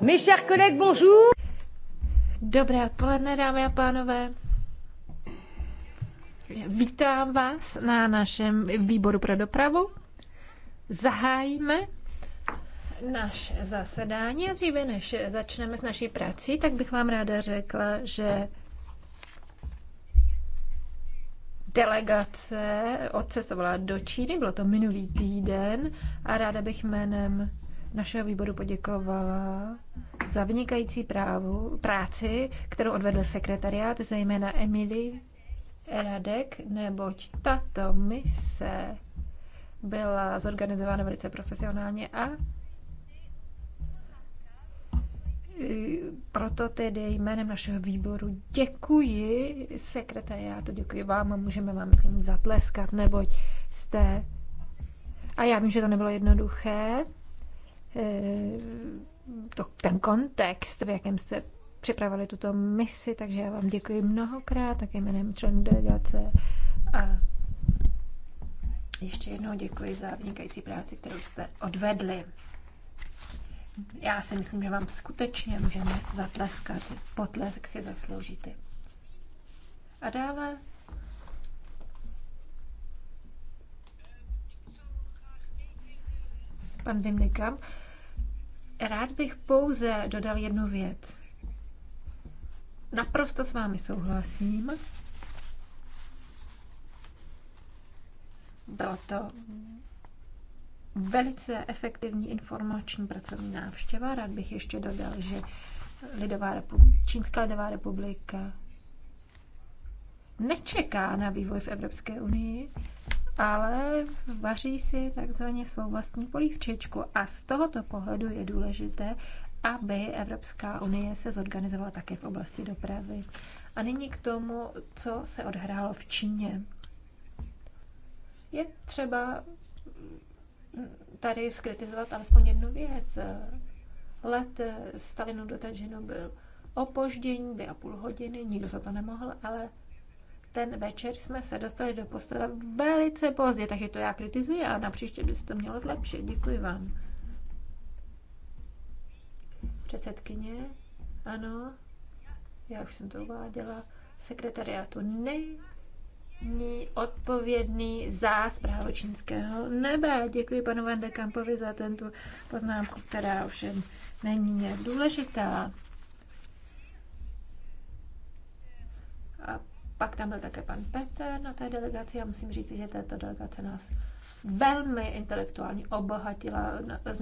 Mes chers collègues, bonjour. Dobré odpoledne, dámy a pánové. Vítám vás na našem výboru pro dopravu. Zahájíme naše zasedání a dříve než začneme s naší prací, tak bych vám ráda řekla, že delegace odcestovala do Číny, bylo to minulý týden a ráda bych jménem našeho výboru poděkovala za vynikající právu, práci, kterou odvedl sekretariát, zejména Emily Radek, neboť tato mise byla zorganizována velice profesionálně a e, proto tedy jménem našeho výboru děkuji sekretariátu, děkuji vám a můžeme vám, ním zatleskat, neboť jste... A já vím, že to nebylo jednoduché, Eh, to, ten kontext, v jakém jste připravili tuto misi, takže já vám děkuji mnohokrát, také jménem členů delegace a ještě jednou děkuji za vynikající práci, kterou jste odvedli. Já si myslím, že vám skutečně můžeme zatleskat. Potlesk si zasloužíte. A dále pan Wim Rád bych pouze dodal jednu věc. Naprosto s vámi souhlasím. Byla to velice efektivní informační pracovní návštěva. Rád bych ještě dodal, že Lidová republika, Čínská lidová republika nečeká na vývoj v Evropské unii, ale vaří si takzvaně svou vlastní polívčičku. A z tohoto pohledu je důležité, aby Evropská unie se zorganizovala také v oblasti dopravy. A nyní k tomu, co se odhrálo v Číně. Je třeba tady skritizovat alespoň jednu věc. Let Stalinu do Tadžinu byl opoždění, dvě a půl hodiny, nikdo za to nemohl, ale ten večer jsme se dostali do postele velice pozdě, takže to já kritizuji a na příště by se to mělo zlepšit. Děkuji vám. Předsedkyně, ano, já už jsem to uváděla, sekretariátu není odpovědný za zprávu čínského nebe. Děkuji panu Van de Kampovi za tento poznámku, která ovšem není nějak důležitá. A pak tam byl také pan Petr na té delegaci a musím říct, že tato delegace nás velmi intelektuálně obohatila.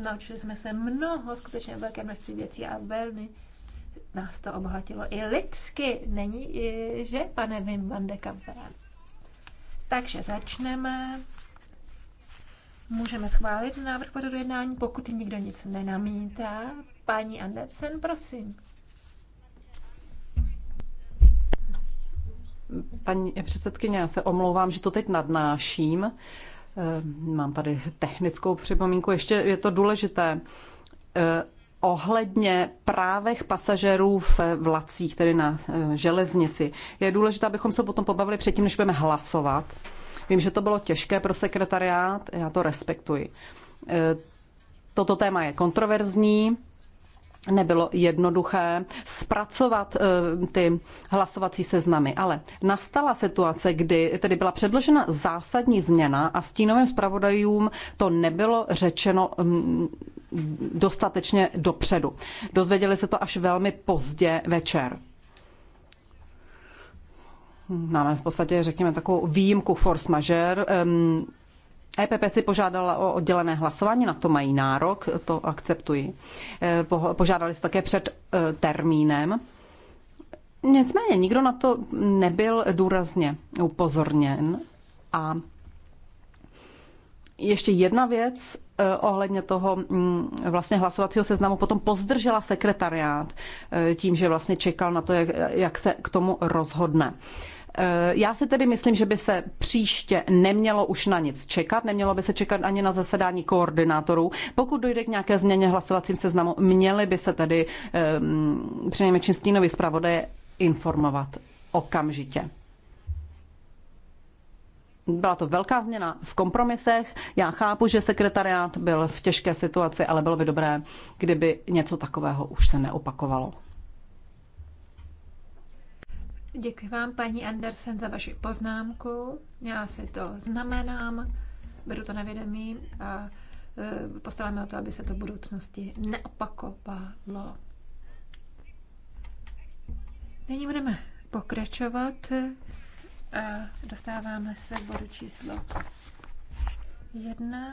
Naučili jsme se mnoho, skutečně velké množství věcí a velmi nás to obohatilo i lidsky. Není, e, že, pane Wim van de Kamperen? Takže začneme. Můžeme schválit návrh pořadu jednání, pokud nikdo nic nenamítá. Paní Andersen, prosím. Paní předsedkyně, já se omlouvám, že to teď nadnáším. Eh, mám tady technickou připomínku, ještě je to důležité. Eh, ohledně právech pasažerů v vlacích, tedy na eh, železnici, je důležité, abychom se potom pobavili předtím, než budeme hlasovat. Vím, že to bylo těžké pro sekretariát, já to respektuji. Toto téma je kontroverzní, nebylo jednoduché zpracovat eh, ty hlasovací seznamy. Ale nastala situace, kdy tedy byla předložena zásadní změna a stínovým zpravodajům to nebylo řečeno mm, dostatečně dopředu. Dozvěděli se to až velmi pozdě večer. Máme v podstatě, řekněme, takovou výjimku force majeure. EPP si požádala o oddělené hlasování, na to mají nárok, to akceptuji. E, požádali si také před e, termínem. Nicméně nikdo na to nebyl důrazně upozorněn. A ještě jedna věc e, ohledně toho mm, vlastně hlasovacího seznamu. Potom pozdržela sekretariát tím, že vlastně čekal na to, jak, jak se k tomu rozhodne. Eh, já si tedy myslím, že by se příště nemělo už na nic čekat, nemělo by se čekat ani na zasedání koordinátorů. Pokud dojde k nějaké změně hlasovacím seznamu, měli by se tedy um, přinejmenším stínovi zpravodaje informovat okamžitě. Byla to velká změna v kompromisech. Já chápu, že sekretariát byl v těžké situaci, ale bylo by dobré, kdyby něco takového už se neopakovalo. Děkuji vám, paní Andersen, za vaši poznámku. Já si to znamenám, beru to na vědomí a e, postaráme o to, aby se to v budoucnosti neopakovalo. Nyní budeme pokračovat a dostáváme se k bodu číslo jedna.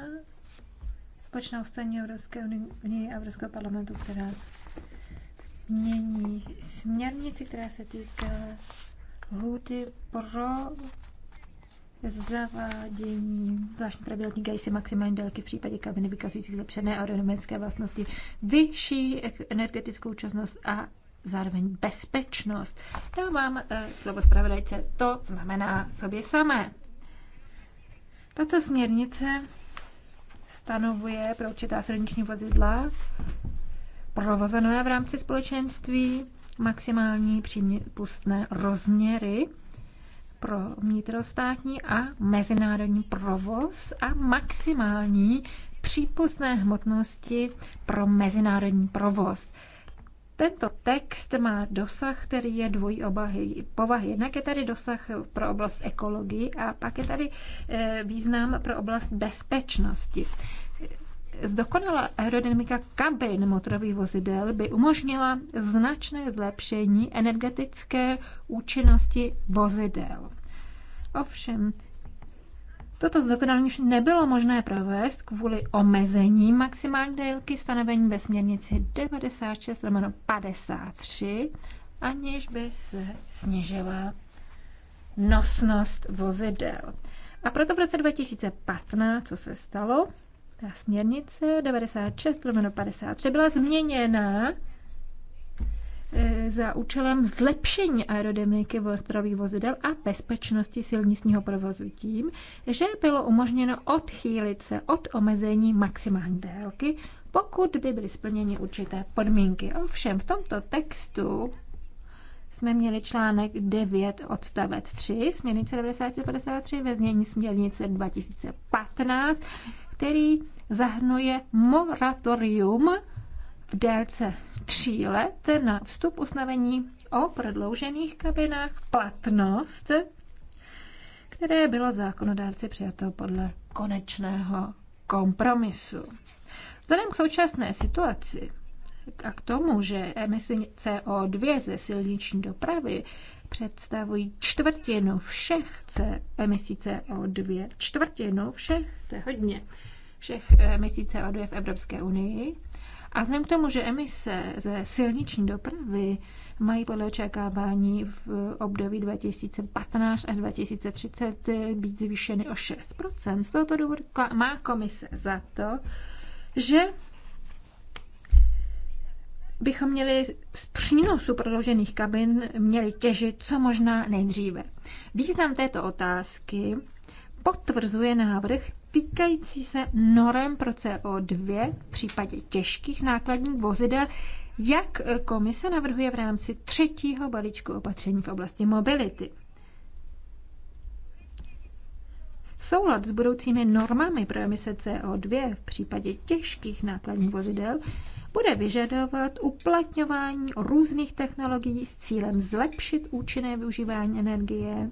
Společná ústavní Evropské unie a Evropského parlamentu, která mění směrnici, která se týká lhuty pro zavádění zvláštní pravidla týkají se maximální délky v případě kabiny vykazujících zlepšené aerodynamické vlastnosti, vyšší energetickou účastnost a zároveň bezpečnost. Dávám eh, slovo zpravodajce, to znamená sobě samé. Tato směrnice stanovuje pro určitá srdniční vozidla provozené v rámci společenství, maximální přípustné rozměry pro vnitrostátní a mezinárodní provoz a maximální přípustné hmotnosti pro mezinárodní provoz. Tento text má dosah, který je dvojí obahy, povahy. Jednak je tady dosah pro oblast ekologii a pak je tady eh, význam pro oblast bezpečnosti. Zdokonalá aerodynamika kabin motorových vozidel by umožnila značné zlepšení energetické účinnosti vozidel. Ovšem, toto zdokonalení už nebylo možné provést kvůli omezení maximální délky stanovení ve směrnici 96 53, aniž by se snižila nosnost vozidel. A proto v roce 2015, co se stalo, ta směrnice 96 53 byla změněna eh, za účelem zlepšení aerodynamiky vrtrových vozidel a bezpečnosti silničního provozu tím, že bylo umožněno odchýlit se od omezení maximální délky, pokud by byly splněny určité podmínky. Ovšem v tomto textu jsme měli článek 9 odstavec 3, směrnice 9453 ve změní směrnice 2015, který zahrnuje moratorium v délce tří let na vstup usnavení o prodloužených kabinách platnost, které bylo zákonodárci přijato podle konečného kompromisu. Vzhledem k současné situaci a k tomu, že emisi CO2 ze silniční dopravy představují čtvrtinu všech emisí CO2. Čtvrtinu všech, to je hodně, všech emisí CO2 v Evropské unii. A vzhledem k tomu, že emise ze silniční dopravy mají podle očekávání v období 2015 až 2030 být zvýšeny o 6 Z tohoto důvodu má komise za to, že bychom měli z přínosu prodloužených kabin měli těžit co možná nejdříve. Význam této otázky potvrzuje návrh týkající se norem pro CO2 v případě těžkých nákladních vozidel, jak komise navrhuje v rámci třetího balíčku opatření v oblasti mobility. Soulad s budoucími normami pro emise CO2 v případě těžkých nákladních vozidel bude vyžadovat uplatňování různých technologií s cílem zlepšit účinné využívání energie.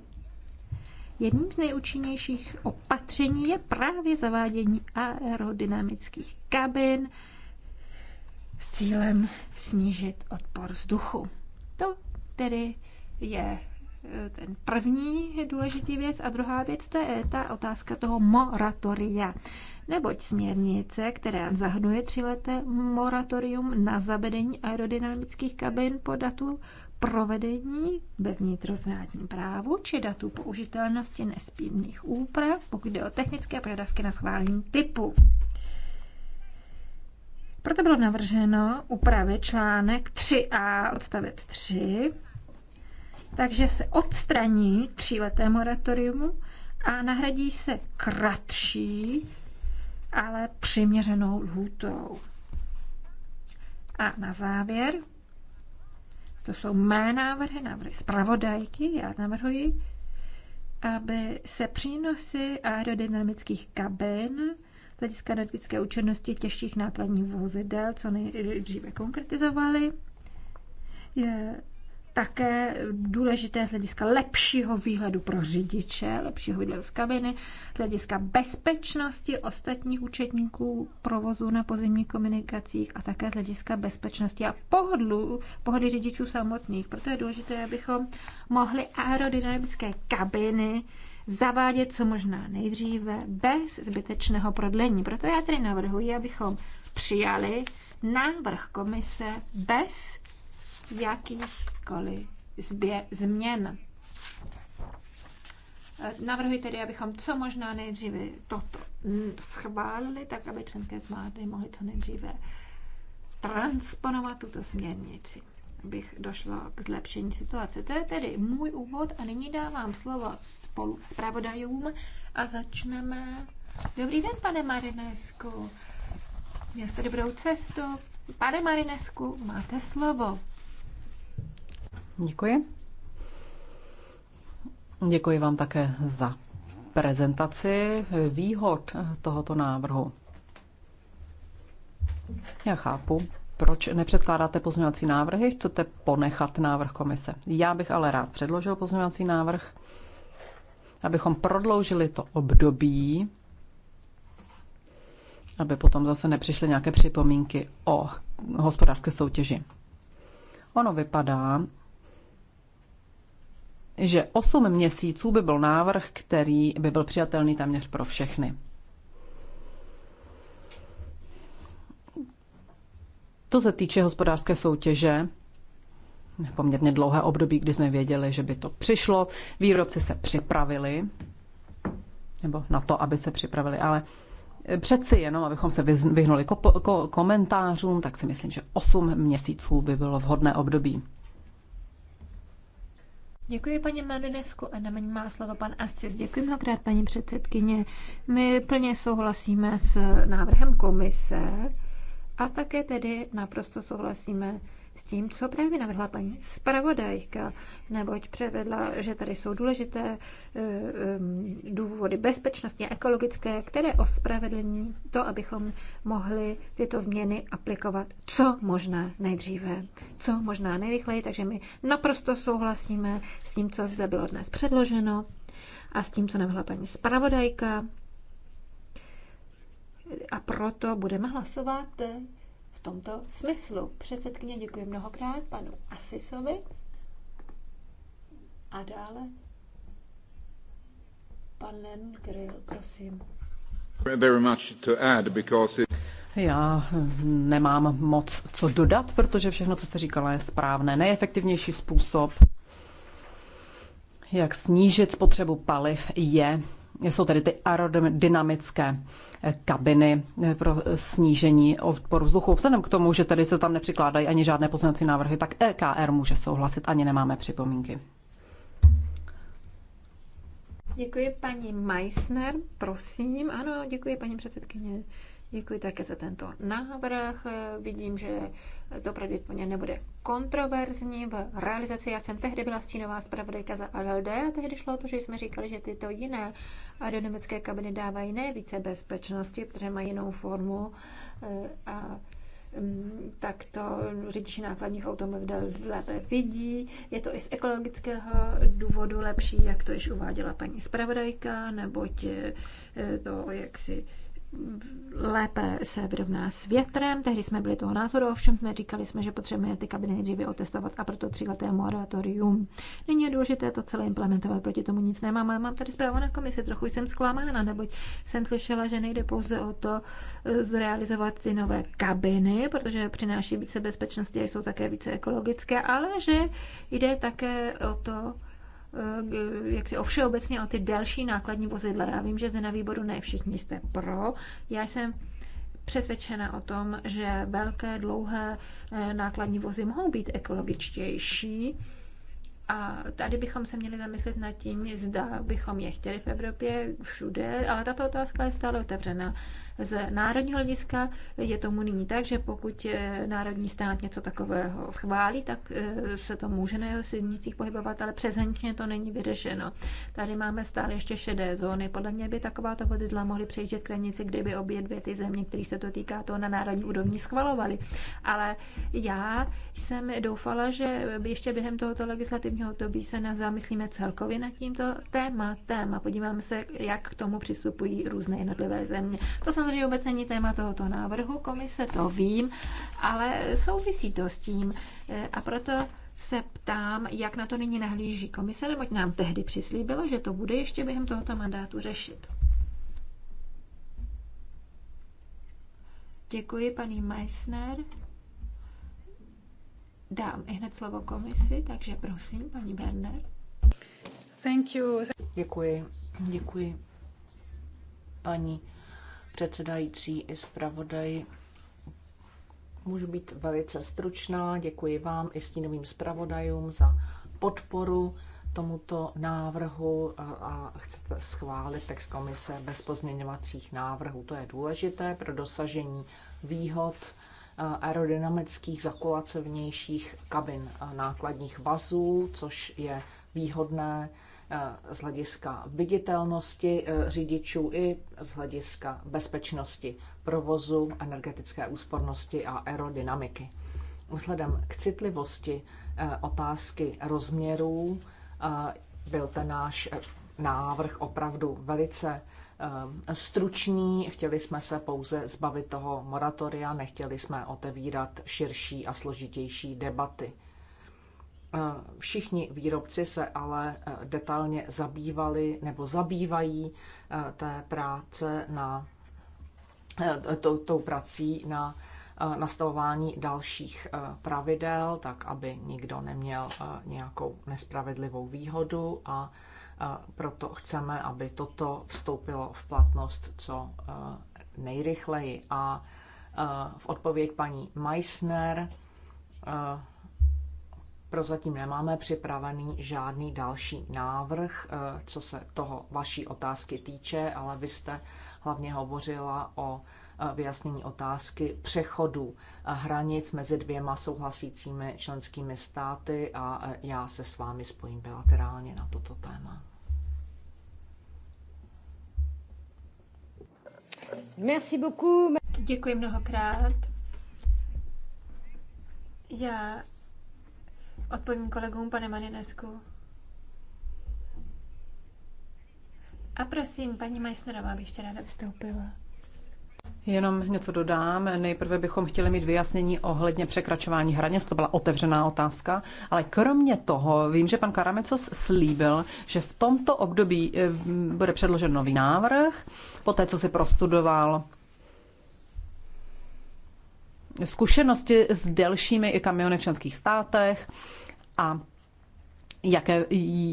Jedním z nejúčinnějších opatření je právě zavádění aerodynamických kabin s cílem snížit odpor vzduchu. To tedy je eh, ten první důležitý věc a druhá věc to je ta otázka toho moratoria neboť směrnice, která zahrnuje tříleté moratorium na zavedení aerodynamických kabin po datu provedení ve vnitrostátním právu či datu použitelnosti nespírných úprav, pokud jde o technické prodavky na schválení typu. Proto bylo navrženo upravit článek 3a odstavec 3, takže se odstraní tříleté moratorium a nahradí se kratší ale přiměřenou lhůtou. A na závěr, to jsou mé návrhy, návrhy zpravodajky, já navrhuji, aby se přínosy aerodynamických kabin z hlediska energetické účinnosti těžších nákladních vozidel co nejdříve konkretizovaly. Je také důležité z hlediska lepšího výhledu pro řidiče, lepšího výhledu z kabiny, z hlediska bezpečnosti ostatních účetníků provozu na pozemních komunikacích a také z hlediska bezpečnosti a pohodlu, pohody řidičů samotných. Proto je důležité, abychom mohli aerodynamické kabiny zavádět co možná nejdříve bez zbytečného prodlení. Proto já tedy navrhuji, abychom přijali návrh komise bez jakýchkoliv zbě- změn. Eh, navrhuji tedy, abychom co možná nejdříve toto schválili, tak aby členské zmády mohly co nejdříve transponovat tuto směrnici, abych došlo k zlepšení situace. To je tedy můj úvod a nyní dávám slovo spolu s pravodajům a začneme. Dobrý den, pane Marinesku. Měl jste dobrou cestu. Pane Marinesku, máte slovo. Děkuji. Děkuji vám také za prezentaci výhod tohoto návrhu. Já chápu, proč nepředkládáte pozměňovací návrhy, chcete ponechat návrh komise. Já bych ale rád předložil pozměňovací návrh, abychom prodloužili to období, aby potom zase nepřišly nějaké připomínky o hospodářské soutěži. Ono vypadá, že 8 měsíců by byl návrh, který by byl přijatelný téměř pro všechny. To se týče hospodářské soutěže, poměrně dlouhé období, kdy jsme věděli, že by to přišlo. Výrobci se připravili, nebo na to, aby se připravili, ale přeci jenom, abychom se vyhnuli komentářům, tak si myslím, že 8 měsíců by bylo vhodné období. Děkuji paní Marinesku a na mě má slovo pan Ascis. Děkuji mnohokrát paní předsedkyně. My plně souhlasíme s návrhem komise a také tedy naprosto souhlasíme s tím, co právě navrhla paní zpravodajka, neboť předvedla, že tady jsou důležité eh, eh, důvody bezpečnostně ekologické, které ospravedlní to, abychom mohli tyto změny aplikovat co možná nejdříve, co možná nejrychleji, takže my naprosto souhlasíme s tím, co zde bylo dnes předloženo a s tím, co navrhla paní zpravodajka. A proto budeme hlasovat tomto smyslu. Předsedkyně děkuji mnohokrát panu Asisovi a dále pan Len Grill, prosím. Very much to add because it... Já nemám moc co dodat, protože všechno, co jste říkala, je správné. Nejefektivnější způsob, jak snížit spotřebu paliv, je jsou tedy ty aerodynamické eh, kabiny eh, pro snížení odporu vzduchu. Vzhledem k tomu, že tady se tam nepřikládají ani žádné pozměňovací návrhy, tak EKR může souhlasit, ani nemáme připomínky. Děkuji paní Meissner, prosím. Ano, děkuji paní předsedkyně. Děkuji také za tento návrh. Vidím, že to pravděpodobně nebude kontroverzní v realizaci. Já jsem tehdy byla stínová zpravodajka za LLD a tehdy šlo o to, že jsme říkali, že tyto jiné aerodynamické kabiny dávají nejvíce bezpečnosti, protože mají jinou formu eh, a mm, tak to řidiči nákladních automobilů lépe vidí. Je to i z ekologického důvodu lepší, jak to již uváděla paní zpravodajka, neboť eh, to, jak si lépe se vyrovná s větrem. Tehdy jsme byli toho názoru, ovšem jsme říkali jsme, že potřebujeme ty kabiny nejdříve otestovat a proto tříleté moratorium. Nyní je důležité to celé implementovat, proti tomu nic nemám, ale mám tady zprávu na komisi, trochu jsem zklamána, neboť jsem slyšela, že nejde pouze o to eh, zrealizovat ty nové kabiny, protože přináší více bezpečnosti a jsou také více ekologické, ale že jde také o to, Eh, jak si ovšeobecně o ty delší nákladní vozidla. Já vím, že zde na výboru ne všichni jste pro. Já jsem přesvědčena o tom, že velké, dlouhé eh, nákladní vozy mohou být ekologičtější. A tady bychom se měli zamyslet nad tím, zda bychom je chtěli v Evropě všude, ale tato otázka je stále otevřená. Z národního hlediska je tomu nyní tak, že pokud eh, národní stát něco takového schválí, tak eh, se to může na jeho silnicích pohybovat, ale přezenčně to není vyřešeno. Tady máme stále ještě šedé zóny. Podle mě by takováto vozidla mohly přejíždět hranici, kdyby obě dvě ty země, které se to týká, to na národní úrovni schvalovaly. Ale já jsem doufala, že ještě během tohoto legislativního období se nás zamyslíme celkově nad tímto tématem a podíváme se, jak k tomu přistupují různé jednotlivé země. To jsem samozřejmě vůbec není téma tohoto návrhu, komise to vím, ale souvisí to s tím e, a proto se ptám, jak na to nyní nahlíží komise, neboť nám tehdy přislíbilo, že to bude ještě během tohoto mandátu řešit. Děkuji, paní Meissner. Dám i hned slovo komisi, takže prosím, paní Berner. Thank you. Děkuji, děkuji, paní předsedající i zpravodaj. Můžu být velice stručná. Děkuji vám i stínovým zpravodajům za podporu tomuto návrhu a chcete schválit text komise bez pozměňovacích návrhů. To je důležité pro dosažení výhod aerodynamických zakulacevnějších kabin nákladních vazů, což je výhodné Eh, z hlediska viditelnosti eh, řidičů i z hlediska bezpečnosti provozu, energetické úspornosti a aerodynamiky. Vzhledem k citlivosti eh, otázky rozměrů byl ten náš návrh opravdu velice stručný. Chtěli jsme se pouze zbavit toho moratoria, nechtěli jsme otevírat širší a složitější debaty. Všichni výrobci se ale e, detailně zabývali nebo zabývají e, té práce na e, tou, tou prací na nastavování dalších pravidel, tak aby nikdo neměl nějakou nespravedlivou výhodu a proto chceme, aby toto vstoupilo v platnost co nejrychleji. A v odpověď paní Meissner Prozatím nemáme připravený žádný další návrh, eh, co se toho vaší otázky týče, ale vy jste hlavně hovořila o eh, vyjasnění otázky přechodu eh, hranic mezi dvěma souhlasícími členskými státy a já se s vámi spojím bilaterálně na toto téma. Merci beaucoup. Děkuji mnohokrát. Já Odpovím kolegům, pane Maninesku A prosím, paní Majsnerová, aby ještě ráda vstoupila. Jenom něco dodám. Nejprve bychom chtěli mít vyjasnění ohledně překračování hranic, to byla otevřená otázka, ale kromě toho vím, že pan Karamecos slíbil, že v tomto období eh, bude předložen nový návrh, po té, co si prostudoval zkušenosti s delšími i kamiony v členských státech a jaké,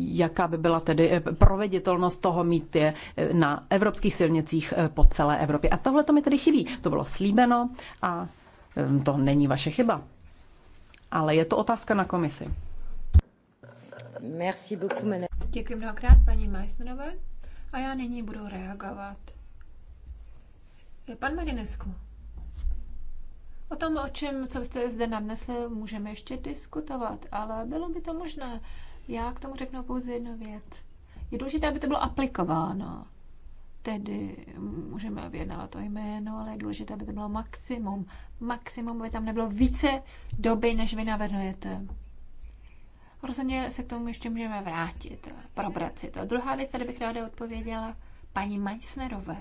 jaká by byla tedy eh, proveditelnost toho mít je eh, na evropských silnicích eh, po celé Evropě. A tohle to mi tedy chybí. To bylo slíbeno a to není vaše chyba. Ale je to otázka na komisi. Merci beaucoup, Děkuji mnohokrát paní Meissnerové a já nyní budu reagovat. Pan Marinesku. O tom, o čem, co jste zde nadnesl, můžeme ještě diskutovat, ale bylo by to možné. Já k tomu řeknu pouze jednu věc. Je důležité, aby to bylo aplikováno. Tedy můžeme vyjednávat to jméno, ale je důležité, aby to bylo maximum. Maximum, aby tam nebylo více doby, než vy navrhujete. Rozhodně se k tomu ještě můžeme vrátit, probrat si to. Druhá věc, tady bych ráda odpověděla paní Meissnerové.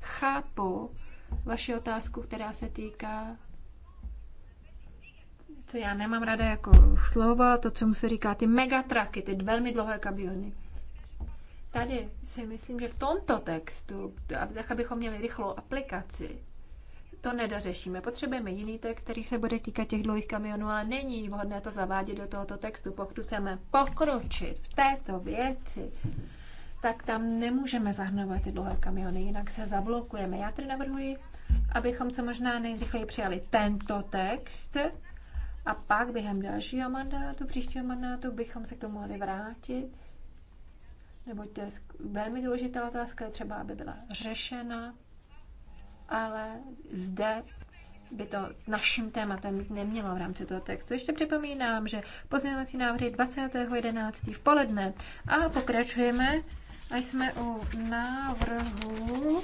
Chápu, vaši otázku, která se týká co já nemám ráda jako slova, to, co mu se říká, ty megatraky, ty velmi dlouhé kabiony. Tady si myslím, že v tomto textu, tak abychom měli rychlou aplikaci, to nedořešíme. Potřebujeme jiný text, který se bude týkat těch dlouhých kamionů, ale není vhodné to zavádět do tohoto textu. Pokud chceme pokročit v této věci, tak tam nemůžeme zahrnovat ty dlouhé kamiony, jinak se zablokujeme. Já tedy navrhuji, abychom co možná nejrychleji přijali tento text a pak během dalšího mandátu, příštího mandátu, bychom se k tomu mohli vrátit. Neboť to je velmi důležitá otázka, je třeba, aby byla řešena, ale zde by to naším tématem být nemělo v rámci toho textu. Ještě připomínám, že pozměňovací návrhy 20.11. v poledne a pokračujeme a jsme u návrhu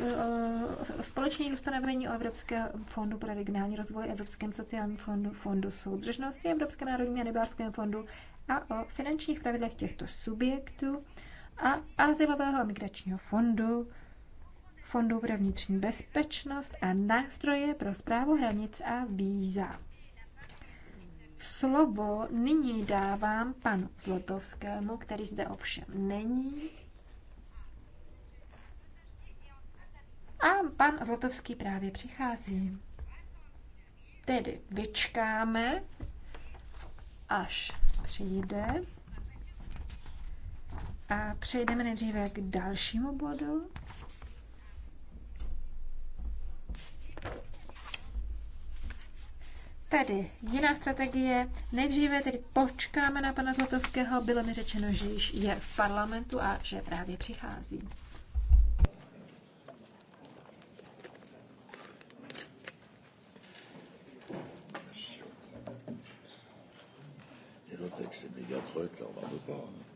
eh, společných ustanovení o Evropském fondu pro regionální rozvoj, Evropském sociálním fondu, Fondu soudržnosti, Evropském národním a rybářském fondu a o finančních pravidlech těchto subjektů a Azylového a migračního fondu, Fondu pro vnitřní bezpečnost a nástroje pro zprávu hranic a víza. Slovo nyní dávám panu Zlotovskému, který zde ovšem není. A pan Zlotovský právě přichází. Tedy vyčkáme, až přijde. A přejdeme nejdříve k dalšímu bodu. Tedy jiná strategie. Nejdříve tedy počkáme na pana Zlatovského. Bylo mi řečeno, že již je v parlamentu a že právě přichází. Et l'autre avec méga trucks, là, on n'en veut pas. Hein.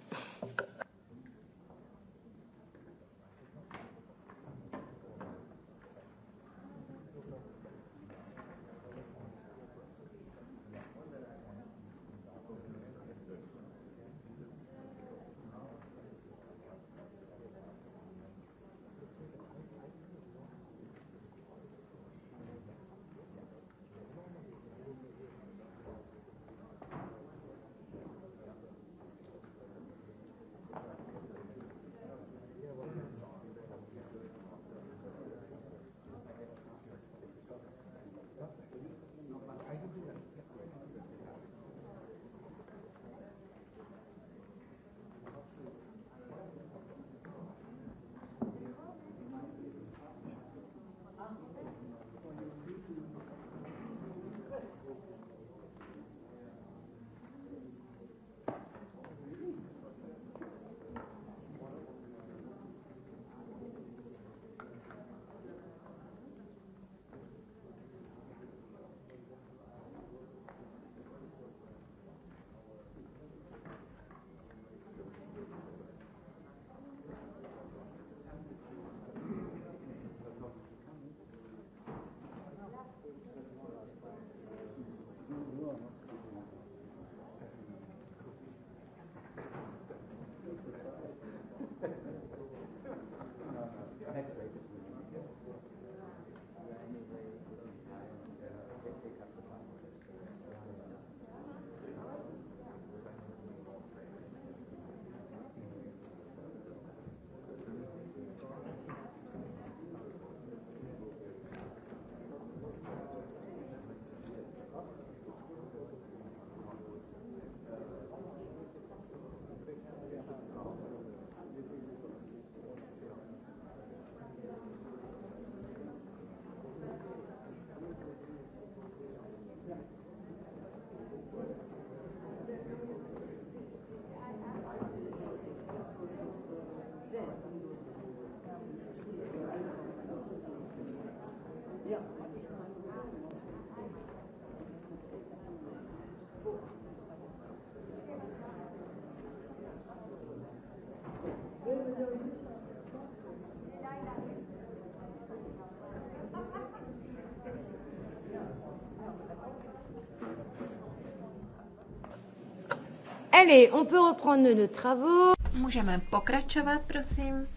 Allez, on peut reprendre nos travaux. Můžeme pokračovat, prosím.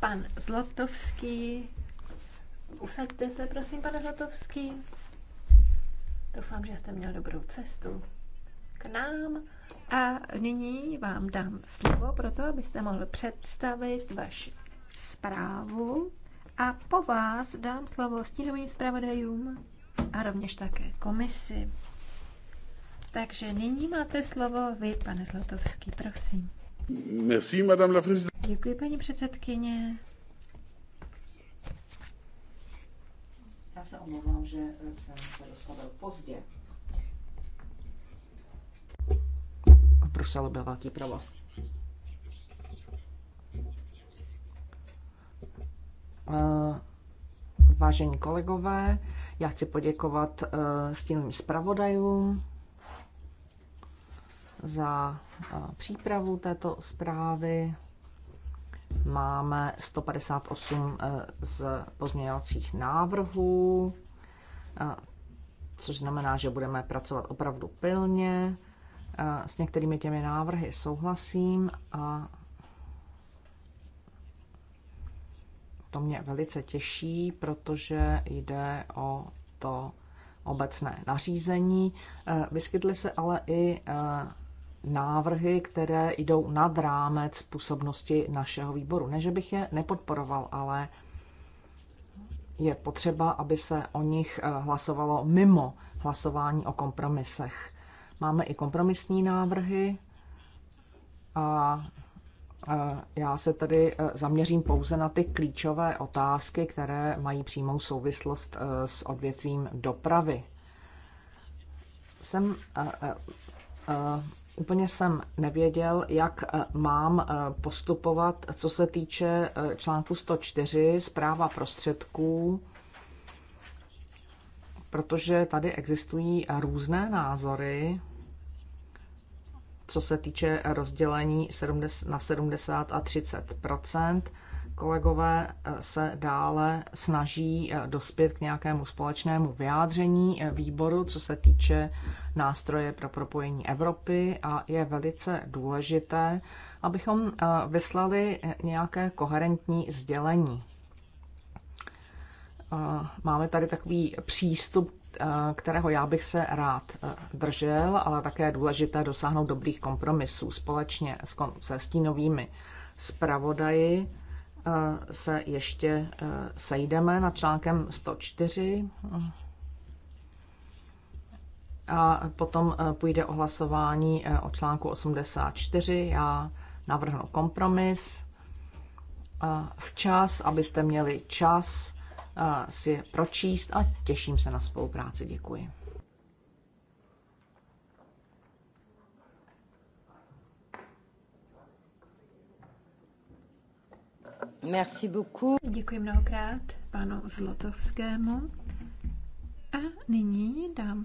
Pan Zlatovský. Usaďte se, prosím, pane Zlatovský. Doufám, že jste měl dobrou cestu k nám. A nyní vám dám slovo pro to, abyste mohl představit vaši zprávu. A po vás dám slovo stínovým zpravodajům a rovněž také komisi. Takže nyní máte slovo vy, pane Zlatovský, prosím. Merci, madame la présidente. Děkuji, paní předsedkyně. Já se omlouvám, že jsem se dostavil pozdě. V Bruselu byl velký provoz. Eh, vážení kolegové, já chci poděkovat eh, stínovým zpravodajům, za přípravu této zprávy. Máme 158 e, z pozměňovacích návrhů, e, což znamená, že budeme pracovat opravdu pilně. E, s některými těmi návrhy souhlasím a to mě velice těší, protože jde o to obecné nařízení. Vyskytly se ale i návrhy, které jdou nad rámec působnosti našeho výboru. Ne, že bych je nepodporoval, ale je potřeba, aby se o nich eh, hlasovalo mimo hlasování o kompromisech. Máme i kompromisní návrhy a eh, já se tedy eh, zaměřím pouze na ty klíčové otázky, které mají přímou souvislost s odvětvím dopravy. Jsem Úplně jsem nevěděl, jak eh, mám eh, postupovat, co se týče eh, článku 104, zpráva prostředků, protože tady existují různé názory, co se týče rozdělení na 70 a 30 kolegové eh, se dále snaží eh, dospět k nějakému společnému vyjádření eh, výboru, co se týče nástroje pro propojení Evropy a je velice důležité, abychom vyslali nějaké koherentní sdělení. Máme tady takový přístup, kterého já bych se rád držel, ale také je důležité dosáhnout dobrých kompromisů společně se stínovými zpravodaji Eh, se ještě eh, sejdeme nad článkem 104 a potom eh, půjde o hlasování o článku 84. Já navrhnu kompromis včas, abyste měli čas si je pročíst a těším se na spolupráci. Děkuji. Merci beaucoup. Děkuji mnohokrát panu Zlotovskému. A nyní dám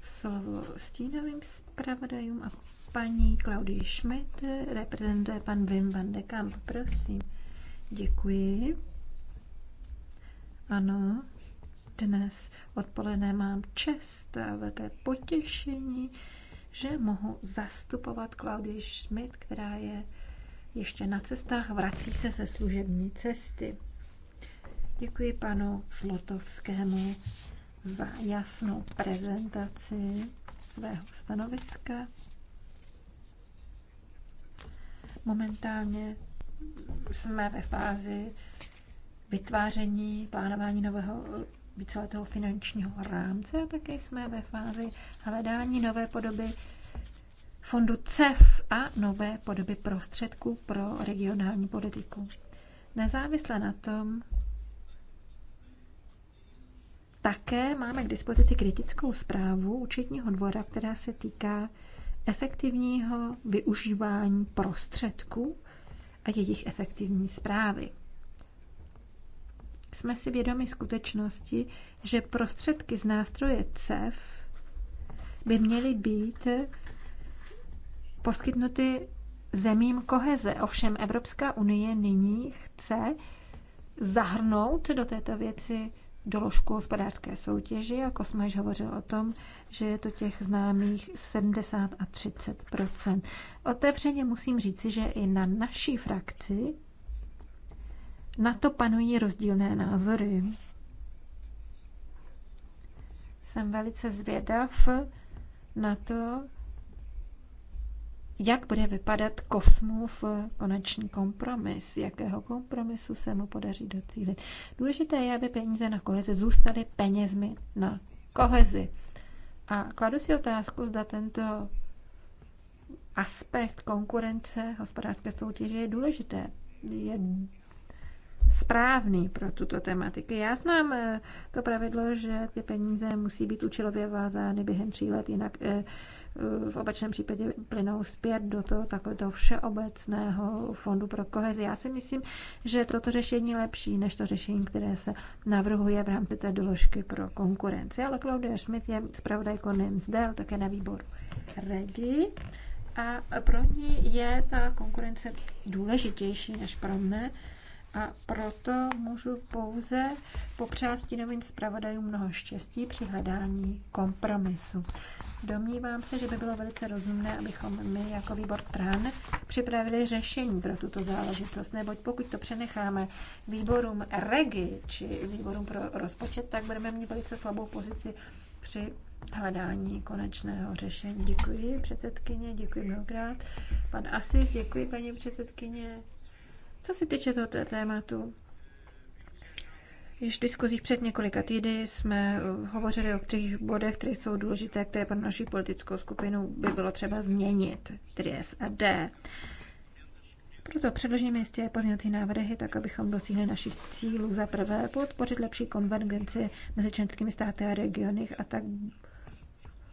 slovo stínovým zpravodajům a paní Klaudii Schmidt reprezentuje pan Wim van de Kamp. Prosím. Děkuji. Ano, dnes odpoledne mám čest a velké potěšení, že mohu zastupovat Klaudii Schmidt, která je ještě na cestách, vrací se ze služební cesty. Děkuji panu Flotovskému za jasnou prezentaci svého stanoviska. Momentálně jsme ve fázi vytváření, plánování nového víceletého finančního rámce a také jsme ve fázi hledání nové podoby fondu CEF a nové podoby prostředků pro regionální politiku. Nezávisle na tom také máme k dispozici kritickou zprávu účetního dvora, která se týká efektivního využívání prostředků a jejich efektivní zprávy. Jsme si vědomi skutečnosti, že prostředky z nástroje CEF by měly být poskytnuty zemím koheze. Ovšem Evropská unie nyní chce zahrnout do této věci doložku hospodářské soutěži, jako jsme již hovořili o tom, že je to těch známých 70 a 30 Otevřeně musím říci, že i na naší frakci na to panují rozdílné názory. Jsem velice zvědav na to, jak bude vypadat Kosmův eh, konečný kompromis, jakého kompromisu se mu podaří docílit. Důležité je, aby peníze na kohezi zůstaly penězmi na kohezi. A kladu si otázku, zda tento aspekt konkurence hospodářské soutěže je důležité, je správný pro tuto tematiku. Já znám eh, to pravidlo, že ty peníze musí být účelově vázány během tří let, jinak eh, v obecném případě plynou zpět do toho takového všeobecného fondu pro kohezi. Já si myslím, že toto řešení je lepší než to řešení, které se navrhuje v rámci té doložky pro konkurenci. Ale Claudia Schmidt je zpravodajkou Nimsdel, také na výboru Regi. A pro ní je ta konkurence důležitější než pro mne. A proto můžu pouze popřát novým zpravodajům mnoho štěstí při hledání kompromisu. Domnívám se, že by bylo velice rozumné, abychom my jako výbor TRAN připravili řešení pro tuto záležitost, neboť pokud to přenecháme výborům REGI či výborům pro rozpočet, tak budeme mít velice slabou pozici při hledání konečného řešení. Děkuji předsedkyně, děkuji mnohokrát. Pan Asis, děkuji paní předsedkyně. Co se týče tohoto tématu, Již v diskuzích před několika týdy jsme uh, hovořili o těch bodech, které jsou důležité, které pro naši politickou skupinu by bylo třeba změnit, tedy D. Proto předložíme jistě pozměňovací návrhy, tak abychom dosáhli našich cílů. Za prvé podpořit lepší konvergenci mezi členskými státy a regiony, a tak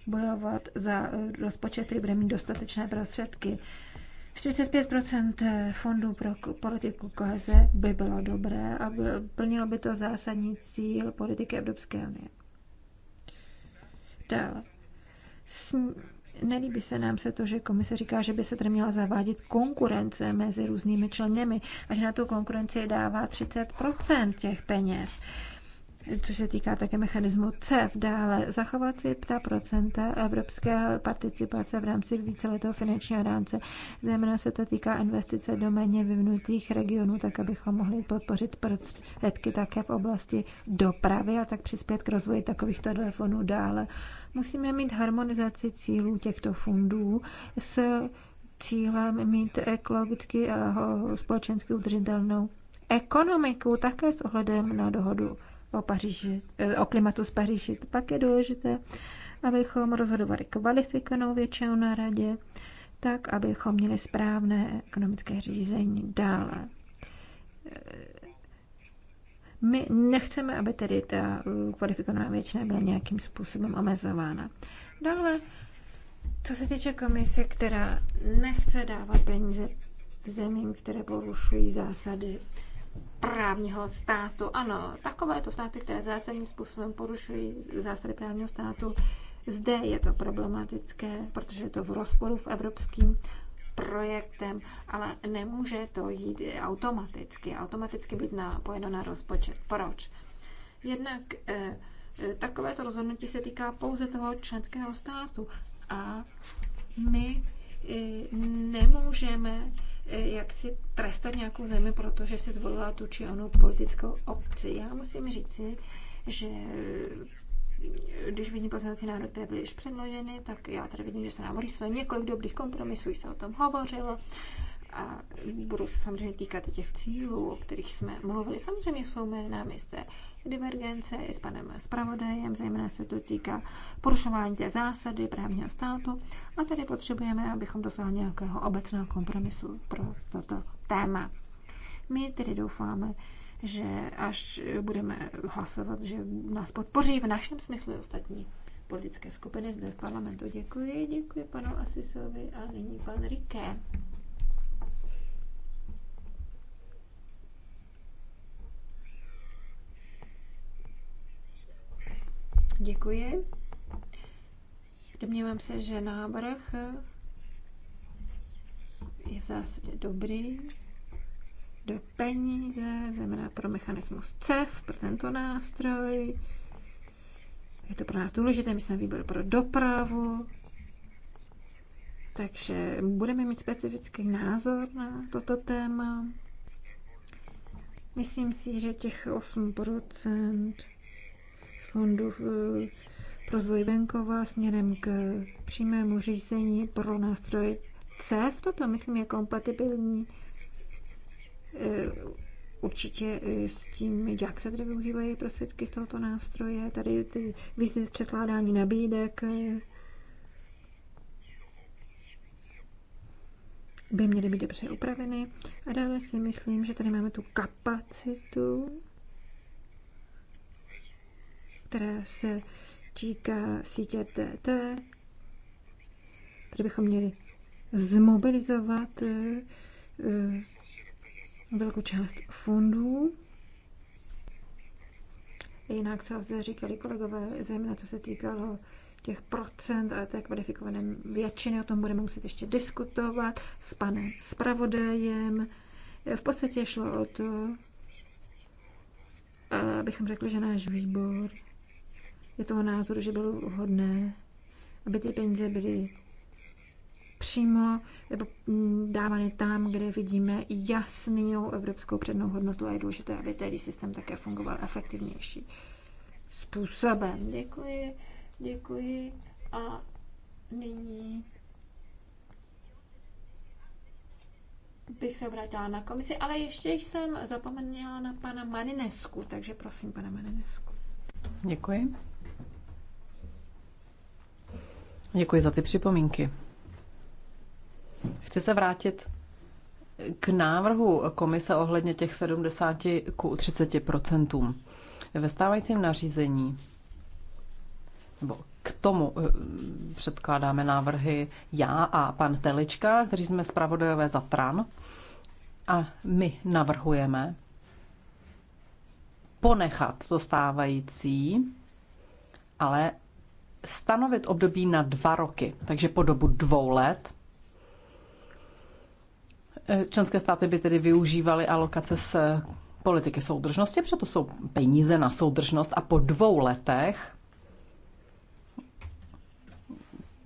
bojovat za uh, rozpočet, který bude mít dostatečné prostředky. 45 fondů pro politiku koheze by bylo dobré a plnilo by to zásadní cíl politiky Evropské unie. Dál. Nelíbí se nám se to, že komise říká, že by se tady měla zavádět konkurence mezi různými členy a že na tu konkurenci dává 30 těch peněz což se týká také mechanismu CEF, dále zachovat si 5% evropské participace v rámci víceletého finančního rámce. Zejména se to týká investice do méně vyvnutých regionů, tak abychom mohli podpořit prostředky také v oblasti dopravy a tak přispět k rozvoji takovýchto telefonů dále. Musíme mít harmonizaci cílů těchto fondů s cílem mít ekologicky a společensky udržitelnou ekonomiku také s ohledem na dohodu o, Paříži, eh, o klimatu z Paříži. Pak je důležité, abychom rozhodovali kvalifikovanou většinou na radě, tak, abychom měli správné ekonomické řízení dále. Eh, my nechceme, aby tedy ta eh, kvalifikovaná většina byla nějakým způsobem omezována. Dále, co se týče komise, která nechce dávat peníze zemím, které porušují zásady právního státu. Ano, takovéto státy, které zásadním způsobem porušují zásady právního státu, zde je to problematické, protože je to v rozporu v evropským projektem, ale nemůže to jít automaticky, automaticky být napojeno na rozpočet. Proč? Jednak eh, eh takovéto rozhodnutí se týká pouze toho členského státu a my eh, nemůžeme jak si trestat nějakou zemi, protože si zvolila tu či onou politickou obci. Já musím říci, že když vidím pozměňovací národ, které byly již předloženy, tak já tady vidím, že se nám rýsuje několik dobrých kompromisů, již se o tom hovořilo a budou se samozřejmě týkat těch cílů, o kterých jsme mluvili. Samozřejmě jsou mezi námi jisté divergence i s panem zpravodajem, zejména se to týká porušování té zásady právního státu a tady potřebujeme, abychom dosáhli nějakého obecného kompromisu pro toto téma. My tedy doufáme, že až budeme hlasovat, že nás podpoří v našem smyslu ostatní politické skupiny zde v parlamentu. Děkuji, děkuji panu Asisovi a nyní pan Riké. Děkuji. Domnívám se, že návrh je v zásadě dobrý. Do peníze, znamená pro mechanismus CEF, pro tento nástroj. Je to pro nás důležité, my jsme výbor pro dopravu, takže budeme mít specifický názor na toto téma. Myslím si, že těch 8% fondu eh, pro rozvoj venkova směrem k přímému řízení pro nástroj CEF. Toto, myslím, je kompatibilní eh, určitě eh, s tím, jak se tedy využívají prostředky z tohoto nástroje. Tady ty výzvy překládání nabídek by měly být dobře upraveny. A dále si myslím, že tady máme tu kapacitu která se týká sítě TT, které bychom měli zmobilizovat eh, eh, velkou část fondů. Jinak, co zde říkali kolegové, zejména co se týkalo těch procent a té kvalifikované většiny, o tom budeme muset ještě diskutovat s panem zpravodajem. Eh, v podstatě šlo o to, abychom řekli, že náš výbor je toho názoru, že bylo vhodné, aby ty peníze byly přímo nebo mm, dávány tam, kde vidíme jasnou evropskou přednou hodnotu a je důležité, aby tedy systém také fungoval efektivnější způsobem. Děkuji, děkuji a nyní bych se obrátila na komisi, ale ještě jsem zapomněla na pana Marinesku, takže prosím, pana Marinesku. Děkuji. Děkuji za ty připomínky. Chci se vrátit k návrhu komise ohledně těch 70 k 30 Ve stávajícím nařízení, nebo k tomu eh, předkládáme návrhy já a pan Telička, kteří jsme zpravodajové za TRAN, a my navrhujeme ponechat to stávající, ale stanovit období na dva roky, takže po dobu dvou let. E, členské státy by tedy využívaly alokace z politiky soudržnosti, protože to jsou peníze na soudržnost a po dvou letech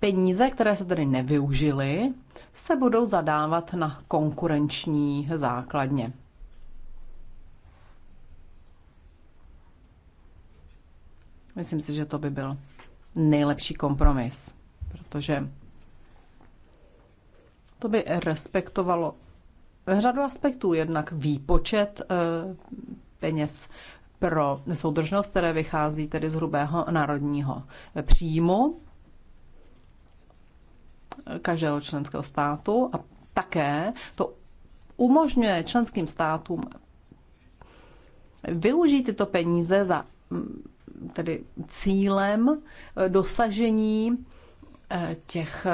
peníze, které se tedy nevyužily, se budou zadávat na konkurenční základně. Myslím si, že to by byl nejlepší kompromis, protože to by respektovalo řadu aspektů. Jednak výpočet eh, peněz pro soudržnost, které vychází tedy z hrubého národního příjmu každého členského státu a také to umožňuje členským státům využít tyto peníze za mm, tedy cílem eh, dosažení eh, těch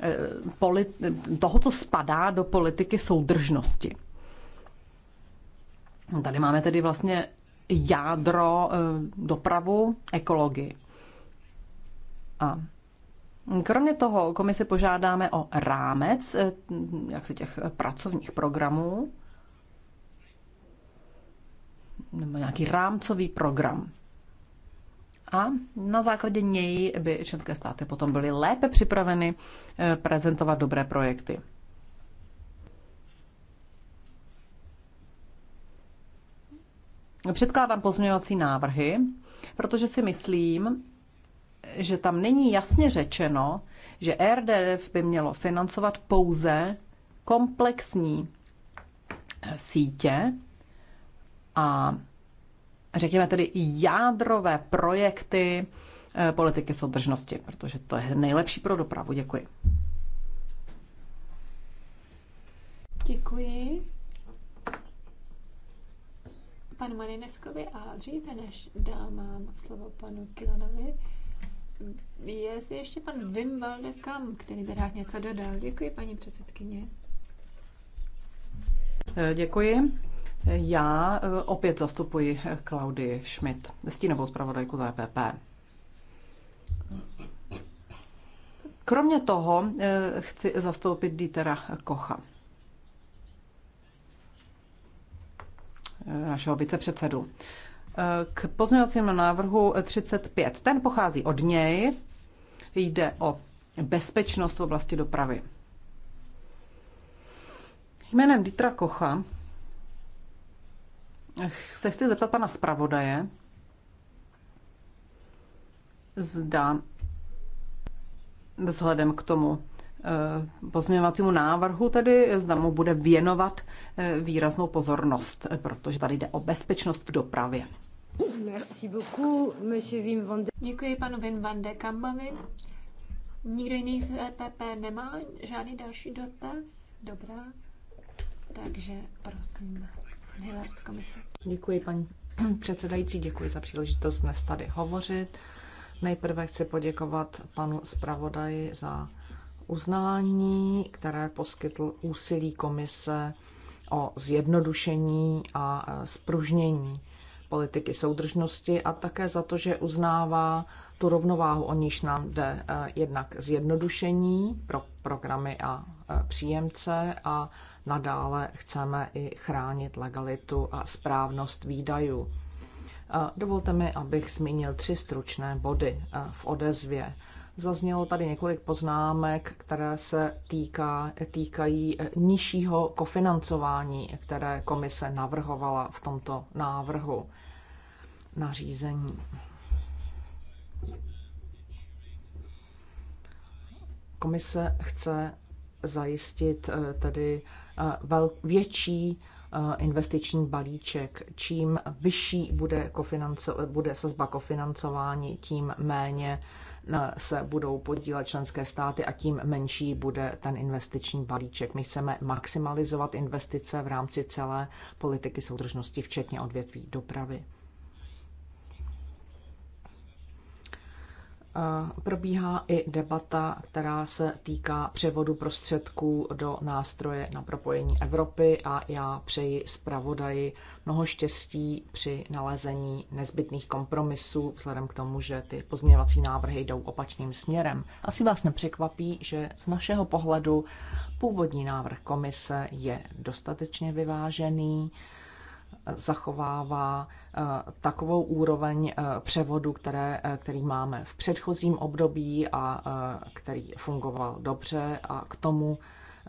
eh, toho, co spadá do politiky soudržnosti. Tady máme tedy vlastně jádro, dopravu, ekologii. A kromě toho komise požádáme o rámec jak si těch pracovních programů, nebo nějaký rámcový program a na základě něj by členské státy potom byly lépe připraveny eh, prezentovat dobré projekty. Předkládám pozměňovací návrhy, protože si myslím, že tam není jasně řečeno, že RDF by mělo financovat pouze komplexní eh, sítě a řekněme tedy, jádrové projekty eh, politiky soudržnosti, protože to je nejlepší pro dopravu. Děkuji. Děkuji panu Marineskovi a dříve než dám slovo panu Kilanovi, je si ještě pan Vim Valdekam, který by rád něco dodal. Děkuji, paní předsedkyně. Eh, děkuji. Já eh, opět zastupuji eh, Klaudy Schmidt, stínovou zpravodajku za EPP. Kromě toho eh, chci zastoupit Dietera Kocha, našeho vicepředsedu. K pozměňovacímu návrhu 35. Ten pochází od něj. Jde o bezpečnost v oblasti dopravy. Jménem Dietra Kocha se chci zeptat pana zpravodaje, zda vzhledem k tomu eh, pozměňovacímu návrhu, tedy zda mu bude věnovat eh, výraznou pozornost, eh, protože tady jde o bezpečnost v dopravě. Merci beaucoup, monsieur Wim van de... Děkuji panu Wim van de Kambovi. Nikdo jiný z EPP nemá žádný další dotaz? Dobrá. Takže prosím. Hillard komise. Děkuji, paní předsedající, děkuji za příležitost dnes tady hovořit. Nejprve chci poděkovat panu zpravodaji za uznání, které poskytl úsilí komise o zjednodušení a spružnění e, politiky soudržnosti a také za to, že uznává tu rovnováhu, o níž nám jde e, jednak zjednodušení pro programy a e, příjemce a nadále chceme i chránit legalitu a správnost výdajů. Dovolte mi, abych zmínil tři stručné body e, v odezvě. Zaznělo tady několik poznámek, které se týká, týkají e, nižšího kofinancování, které komise navrhovala v tomto návrhu nařízení. Komise chce zajistit e, tedy větší investiční balíček. Čím vyšší bude, kofinanco, bude sazba kofinancování, tím méně e, se budou podílet členské státy a tím menší bude ten investiční balíček. My chceme maximalizovat investice v rámci celé politiky soudržnosti, včetně odvětví dopravy. Eh, probíhá i debata, která se týká převodu prostředků do nástroje na propojení Evropy a já přeji zpravodaji mnoho štěstí při nalezení nezbytných kompromisů, vzhledem k tomu, že ty pozměňovací návrhy jdou opačným směrem. Asi vás nepřekvapí, že z našeho pohledu původní návrh komise je dostatečně vyvážený, zachovává eh, takovou úroveň eh, převodu, které, eh, který máme v předchozím období a který fungoval dobře a k tomu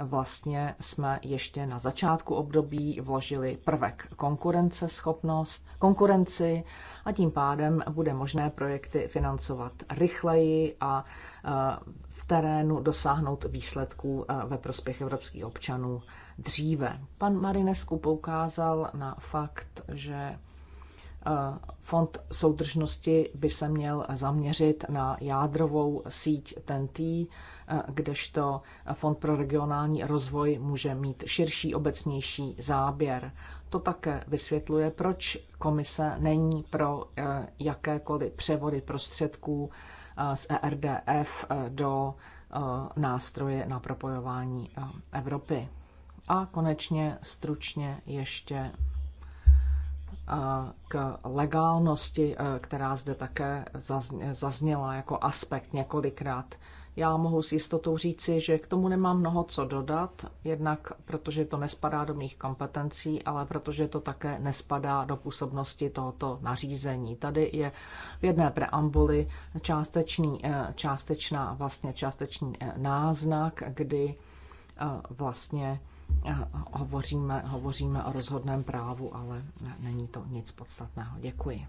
vlastně jsme ještě na začátku období vložili prvek konkurence schopnost, konkurenci a tím pádem bude možné projekty financovat rychleji a terénu dosáhnout výsledků eh, ve prospěch evropských občanů dříve. Pan Marinesku poukázal na fakt, že eh, Fond soudržnosti by se měl zaměřit na jádrovou síť TNT, eh, kdežto Fond pro regionální rozvoj může mít širší, obecnější záběr. To také vysvětluje, proč komise není pro jakékoliv převody prostředků Eh, z ERDF eh, do eh, nástroje na propojování Evropy. A konečně stručně ještě k legálnosti, která zde také zazněla jako aspekt několikrát. Já mohu s jistotou říci, že k tomu nemám mnoho co dodat, jednak protože to nespadá do mých kompetencí, ale protože to také nespadá do působnosti tohoto nařízení. Tady je v jedné preambuli částečný, eh, částečná, vlastně částečný eh, náznak, kdy eh, vlastně hovoříme, hovoříme o rozhodném právu, ale není to nic podstatného. Děkuji.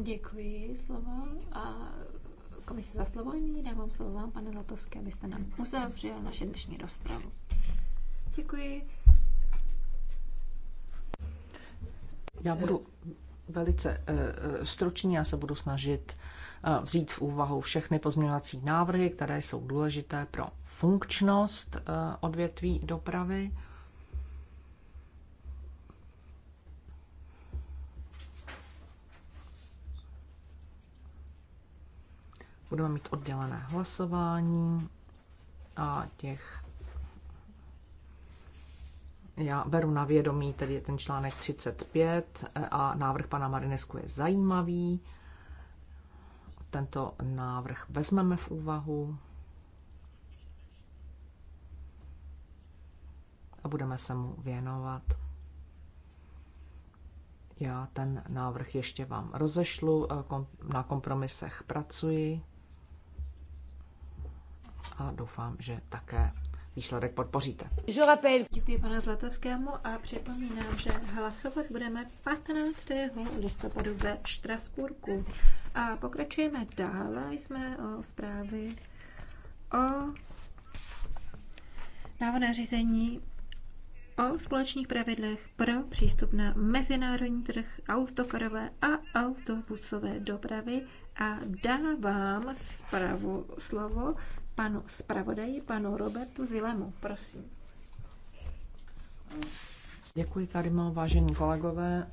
Děkuji, Slova. A komisi za slovo. Nyní dávám slovo vám, pane Zlatovské, abyste nám uzavřel naše dnešní rozpravu. Děkuji. Já budu velice eh, eh, stručný, já se budu snažit eh, vzít v úvahu všechny pozměňovací návrhy, které jsou důležité pro funkčnost odvětví dopravy. budeme mít oddělené hlasování a těch já beru na vědomí tedy ten článek 35 eh, a návrh pana Marinesku je zajímavý. Tento návrh vezmeme v úvahu a budeme se mu věnovat. Já ten návrh ještě vám rozešlu, eh, na kompromisech pracuji a doufám, že také výsledek podpoříte. Děkuji panu Zlatovskému a připomínám, že hlasovat budeme 15. listopadu ve Štrasburku. A pokračujeme dále, jsme o zprávy o návrh řízení o společných pravidlech pro přístup na mezinárodní trh autokarové a autobusové dopravy a dávám zprávu slovo panu zpravodaji, panu Robertu Zilemu. Prosím. Děkuji, Karimo, vážení kolegové.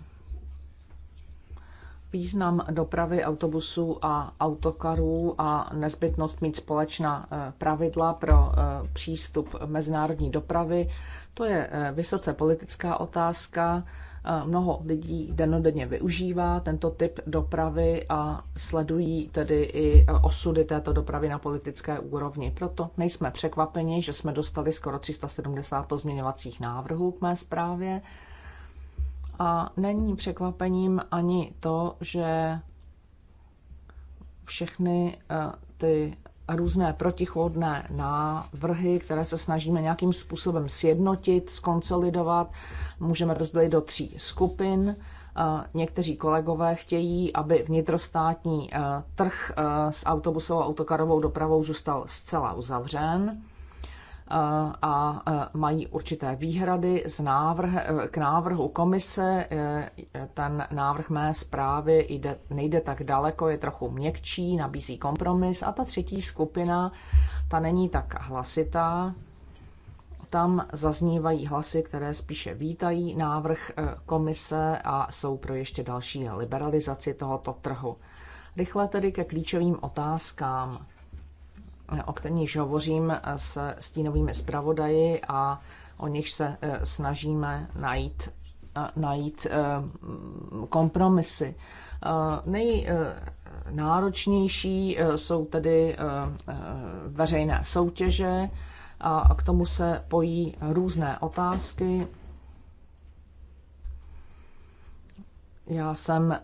Význam dopravy autobusů a autokarů a nezbytnost mít společná eh, pravidla pro eh, přístup mezinárodní dopravy, to je eh, vysoce politická otázka mnoho lidí denodenně využívá tento typ dopravy a sledují tedy i e, osudy této dopravy na politické úrovni. Proto nejsme překvapeni, že jsme dostali skoro 370 pozměňovacích návrhů k mé zprávě. A není překvapením ani to, že všechny e, ty různé protichodné návrhy, které se snažíme nějakým způsobem sjednotit, skonsolidovat. Můžeme rozdělit do tří skupin. Eh, někteří kolegové chtějí, aby vnitrostátní eh, trh eh, s autobusovou a autokarovou dopravou zůstal zcela uzavřen. Eh, a eh, mají určité výhrady z návrh, eh, k návrhu komise. Ten návrh mé zprávy jde, nejde tak daleko, je trochu měkčí, nabízí kompromis. A ta třetí skupina, ta není tak hlasitá. Tam zaznívají hlasy, které spíše vítají návrh komise a jsou pro ještě další liberalizaci tohoto trhu. Rychle tedy ke klíčovým otázkám o kterých hovořím eh, s stínovými zpravodaji a o nich se eh, snažíme najít, eh, najít kompromisy. Nejnáročnější jsou tedy veřejné soutěže a k tomu se pojí různé otázky. Já jsem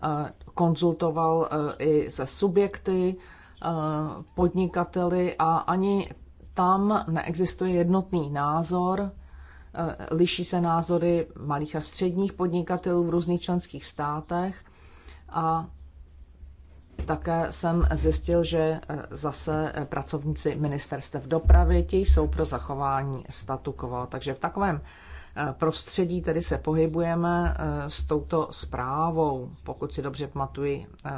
konzultoval i se subjekty, Eh, podnikateli a ani tam neexistuje jednotný názor. Eh, liší se názory malých a středních podnikatelů v různých členských státech a také jsem zjistil, že eh, zase pracovníci ministerstev dopravy ti jsou pro zachování statu quo. Takže v takovém prostředí tedy se pohybujeme eh, s touto zprávou, pokud si dobře pamatuji, eh,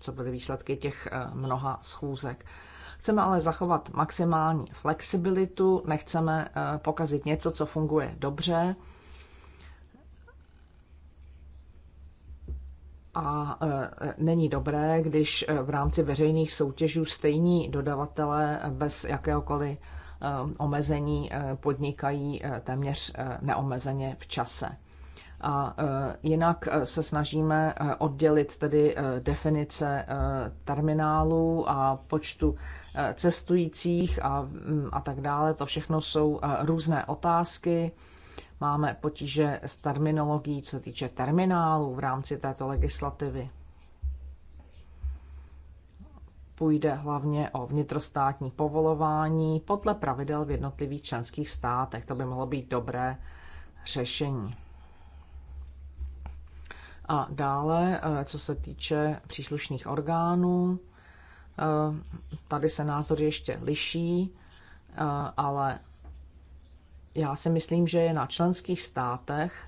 co byly výsledky těch eh, mnoha schůzek. Chceme ale zachovat maximální flexibilitu, nechceme pokazit něco, co funguje dobře. A není dobré, když v rámci veřejných soutěžů stejní dodavatelé bez jakéhokoliv Eh, omezení eh, podnikají eh, téměř neomezeně v čase. A jinak se snažíme oddělit tedy definice terminálu a počtu cestujících a, mm, a tak dále. To všechno jsou různé otázky. Máme potíže s terminologií, co týče terminálu v rámci této legislativy. Půjde hlavně o vnitrostátní povolování podle pravidel v jednotlivých členských státech. To by mohlo být dobré řešení. A dále, eh, co se týče příslušných orgánů, eh, tady se názor ještě liší, eh, ale já si myslím, že je na členských státech,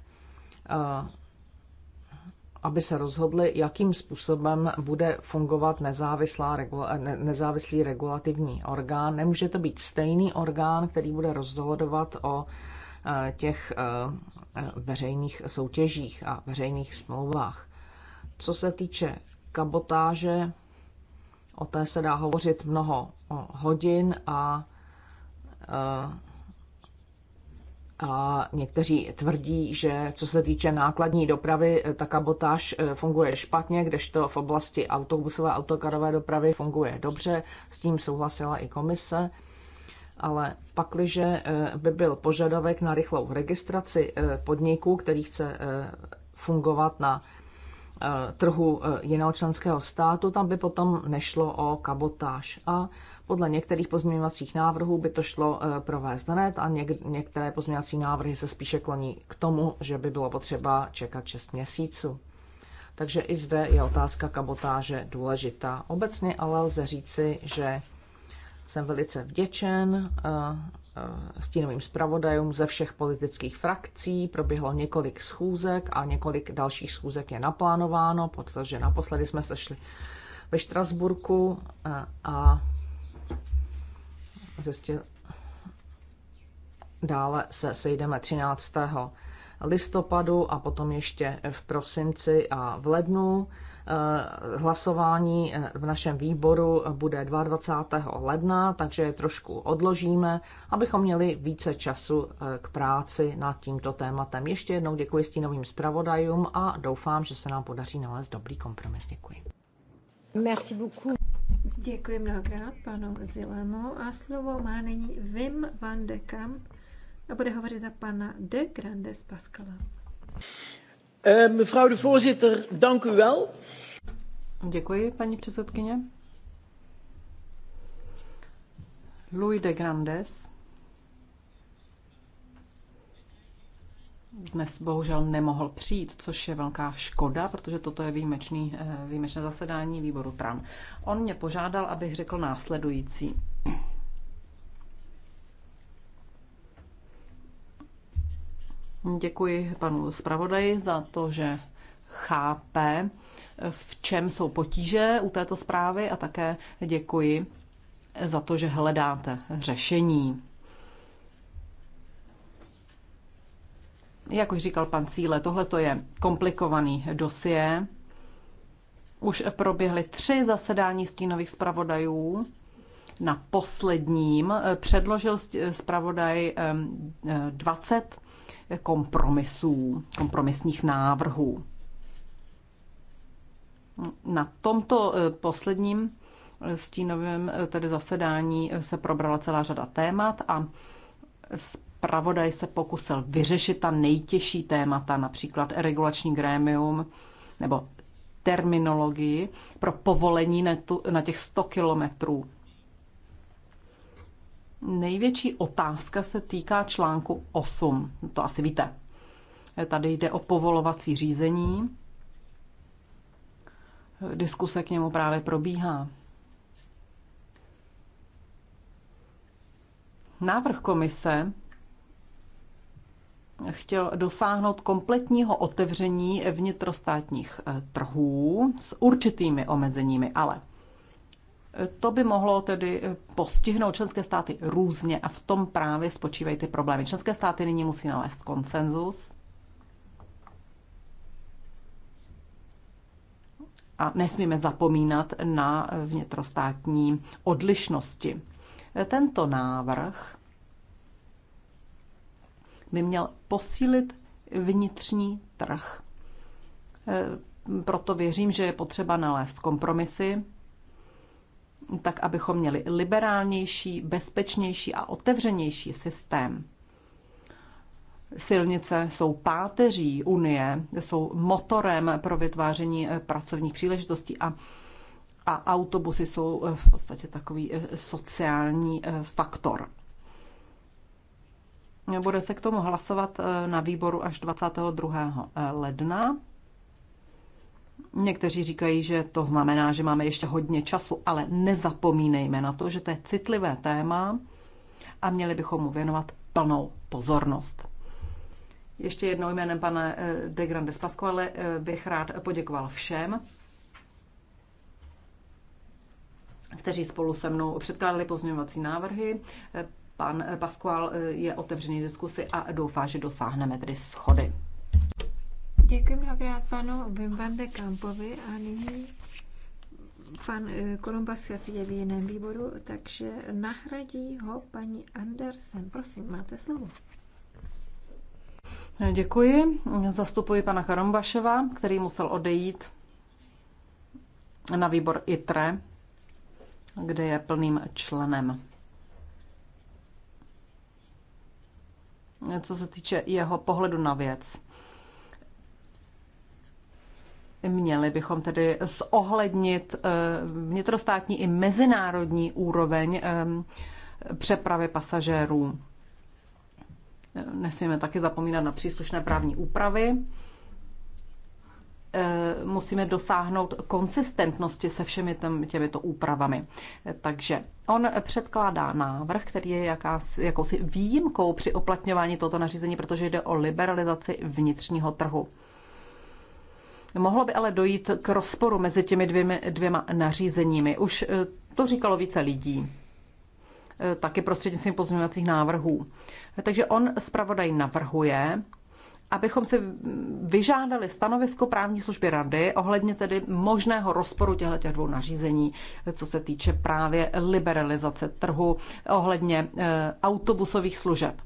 aby se rozhodli, jakým způsobem bude fungovat nezávislá, nezávislý regulativní orgán. Nemůže to být stejný orgán, který bude rozhodovat o eh, těch eh, eh, veřejných soutěžích a veřejných smlouvách. Co se týče kabotáže, o té se dá hovořit mnoho hodin a a někteří tvrdí, že co se týče nákladní dopravy, eh, ta kabotáž eh, funguje špatně, kdežto v oblasti autobusové a autokarové dopravy funguje dobře. S tím souhlasila i komise. Ale pakliže eh, by byl požadavek na rychlou registraci podniků, který chce fungovat na Eh, trhu eh, jiného členského státu, tam by potom nešlo o kabotáž. A podle některých pozměňovacích návrhů by to šlo eh, provést hned a něk- některé pozměňovací návrhy se spíše kloní k tomu, že by bylo potřeba čekat 6 měsíců. Takže i zde je otázka kabotáže důležitá. Obecně ale lze říci, že jsem velice vděčen Eh, stínovým zpravodajům ze všech politických frakcí. Proběhlo několik schůzek a několik dalších schůzek je naplánováno, protože naposledy jsme sešli ve Štrasburku eh, a zjistil, dále se sejdeme 13. listopadu a potom ještě v prosinci a v lednu. Eh, hlasování eh, v našem výboru bude 22. ledna, takže je trošku odložíme, abychom měli více času eh, k práci nad tímto tématem. Ještě jednou děkuji stínovým zpravodajům a doufám, že se nám podaří nalézt dobrý kompromis. Děkuji. Merci beaucoup. Děkuji mnohokrát panu Zilemu a slovo má nyní Wim van de Kamp a bude hovořit za pana de Grandes Pascala. Eh, mevrouw de voorzitter, dank u wel. Děkuji, paní předsedkyně. Louis de Grandes dnes bohužel nemohl přijít, což je velká škoda, protože toto je výjimečný, eh, výjimečné zasedání výboru TRAN. On mě požádal, abych řekl následující. Děkuji panu zpravodaji za to, že chápe, v čem jsou potíže u této zprávy a také děkuji za to, že hledáte řešení. Jak už říkal pan Cíle, tohle je komplikovaný dosie. Už proběhly tři zasedání stínových zpravodajů. Na posledním předložil zpravodaj 20 kompromisů, kompromisních návrhů. Na tomto eh, posledním eh, stínovém eh, tedy zasedání se probrala celá řada témat a zpravodaj se pokusil vyřešit ta nejtěžší témata, například regulační grémium nebo terminologii pro povolení na těch 100 kilometrů Největší otázka se týká článku 8. To asi víte. Tady jde o povolovací řízení. Diskuse k němu právě probíhá. Návrh komise chtěl dosáhnout kompletního otevření vnitrostátních eh, trhů s určitými omezeními, ale to by mohlo tedy eh, postihnout členské státy různě a v tom právě spočívají ty problémy. Členské státy nyní musí nalézt konsenzus. A nesmíme zapomínat na vnitrostátní odlišnosti. Tento návrh by měl posílit vnitřní trh. Eh, Proto věřím, že je potřeba nalézt kompromisy tak abychom měli liberálnější, bezpečnější a otevřenější systém. Silnice jsou páteří Unie, jsou motorem pro vytváření eh, pracovních příležitostí a, a autobusy jsou eh, v podstatě takový eh, sociální faktor. Bude se k tomu hlasovat na výboru až 22. ledna. Někteří říkají, že to znamená, že máme ještě hodně času, ale nezapomínejme na to, že to je citlivé téma a měli bychom mu věnovat plnou pozornost. Ještě jednou jménem pana eh, de Grandes Pasquale eh, bych rád poděkoval všem, kteří spolu se mnou předkládali pozměňovací návrhy. Eh, pan Pasqual je otevřený diskusi a doufá, že dosáhneme tedy schody. Děkuji mnohokrát panu Vimbande Kampovi a nyní pan eh, Kolumbas je v jiném výboru, takže nahradí ho paní Andersen. Prosím, máte slovo. Eh, děkuji. Zastupuji pana Karombaševa, který musel odejít na výbor ITRE, kde je plným členem. Co se týče jeho pohledu na věc. Měli bychom tedy zohlednit eh, vnitrostátní i mezinárodní úroveň eh, přepravy pasažérů. Nesmíme taky zapomínat na příslušné právní úpravy. Eh, musíme dosáhnout konsistentnosti se všemi těmito úpravami. Takže on předkládá návrh, který je jakás, jakousi výjimkou při uplatňování tohoto nařízení, protože jde o liberalizaci vnitřního trhu. Mohlo by ale dojít k rozporu mezi těmi dvěma, dvěma nařízeními. Už eh, to říkalo více lidí eh, taky prostřednictvím pozměňovacích návrhů. Takže on zpravodaj navrhuje, abychom si vyžádali stanovisko právní služby rady ohledně tedy možného rozporu těchto dvou nařízení, eh, co se týče právě liberalizace trhu ohledně autobusových služeb.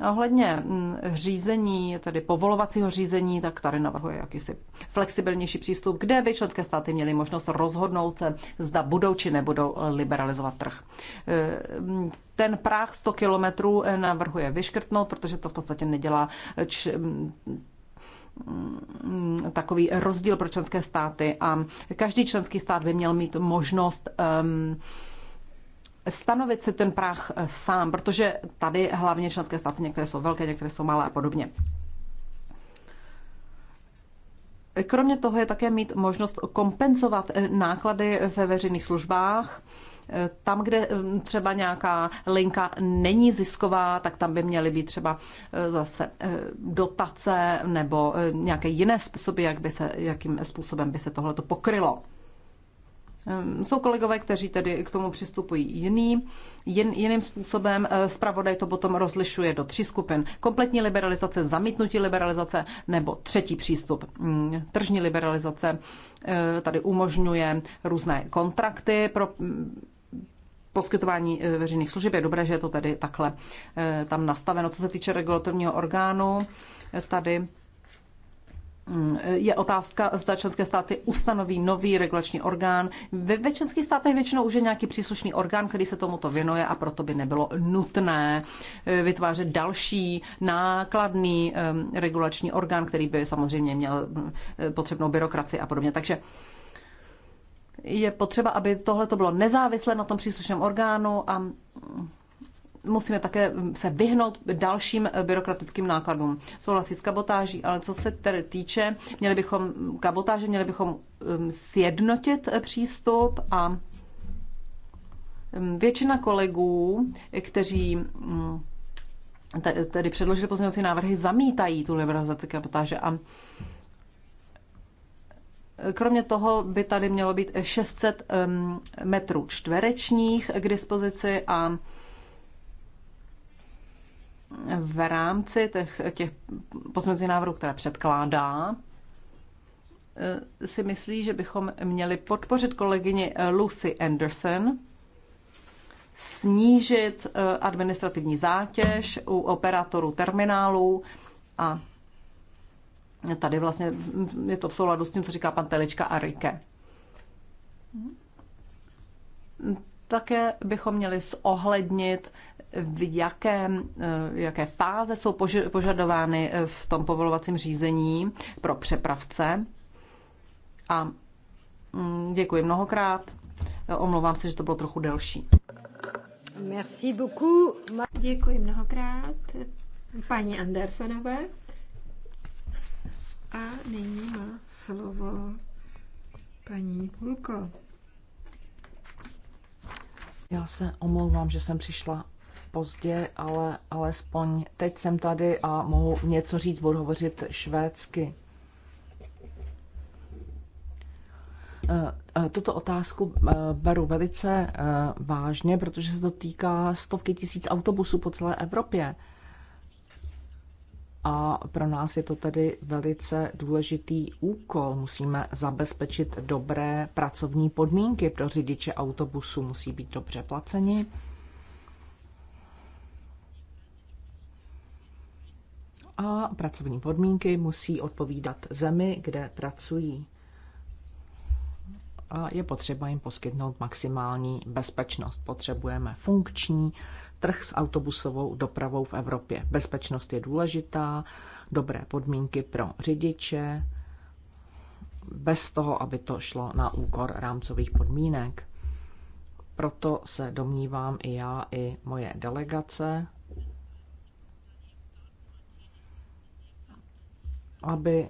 A ohledně mm, řízení, tedy povolovacího řízení, tak tady navrhuje jakýsi flexibilnější přístup, kde by členské státy měly možnost rozhodnout, zda budou či nebudou liberalizovat trh. E, mm, ten práh 100 kilometrů e, navrhuje vyškrtnout, protože to v podstatě nedělá č mm, takový rozdíl pro členské státy a každý členský stát by měl mít možnost um, stanovit si ten práh eh, sám, protože tady hlavně členské státy některé jsou velké, některé jsou malé a podobně. Kromě toho je také mít možnost kompenzovat eh, náklady ve veřejných službách. Eh, tam, kde třeba nějaká linka není zisková, tak tam by měly být třeba zase dotace nebo nějaké jiné způsoby, jak by se, jakým způsobem by se tohle pokrylo. Ehm, jsou kolegové, kteří tedy k tomu přistupují jiný, jin, jiným způsobem. Spravodaj eh, to potom rozlišuje do tří skupin. Kompletní liberalizace, zamítnutí liberalizace nebo třetí přístup. Mm, tržní liberalizace eh, tady umožňuje různé kontrakty pro mm, poskytování eh, veřejných služeb. Je dobré, že je to tedy takhle tam nastaveno. Co se týče regulatorního orgánu, tady Mm, je otázka, zda členské státy ustanoví nový regulační orgán. Ve, ve členských státech většinou už je nějaký příslušný orgán, který se tomuto věnuje a proto by nebylo nutné eh, vytvářet další nákladný eh, regulační orgán, který by samozřejmě měl eh, potřebnou byrokracii a podobně. Takže je potřeba, aby tohle to bylo nezávislé na tom příslušném orgánu a mm, musíme také se vyhnout dalším byrokratickým nákladům. Souhlasí s kabotáží, ale co se tedy týče, měli bychom kabotáže, měli bychom um, sjednotit eh, přístup a um, většina kolegů, kteří mm, tedy předložili pozměňovací návrhy, zamítají tu liberalizaci kabotáže a eh, Kromě toho by tady mělo být 600 ehm, metrů čtverečních k dispozici a v rámci těch, těch pozměňovacích návrhů, které předkládá, eh, si myslí, že bychom měli podpořit kolegyni Lucy Anderson, snížit eh, administrativní zátěž u operátorů terminálů a tady vlastně je to v souladu s tím, co říká pan Telička a Rike. Také bychom měli zohlednit, v jakém, eh, jaké fáze jsou požadovány eh, v tom povolovacím řízení pro přepravce. A mm, děkuji mnohokrát. Omlouvám se, že to bylo trochu delší. Merci beaucoup. Děkuji mnohokrát paní Andersonové. A nyní má slovo paní Pulko. Já se omlouvám, že jsem přišla pozdě, ale alespoň teď jsem tady a mohu něco říct, budu hovořit švédsky. Eh, eh, tuto otázku eh, beru velice vážně, protože se to týká stovky tisíc autobusů po celé Evropě a pro nás je to tedy velice důležitý úkol. Musíme zabezpečit dobré pracovní podmínky pro řidiče autobusu, musí být dobře placeni. A pracovní podmínky musí odpovídat zemi, kde pracují. A je potřeba jim poskytnout maximální bezpečnost. Potřebujeme funkční trh s autobusovou dopravou v Evropě. Bezpečnost je důležitá, dobré podmínky pro řidiče, bez toho, aby to šlo na úkor rámcových podmínek. Proto se domnívám i já, i moje delegace, aby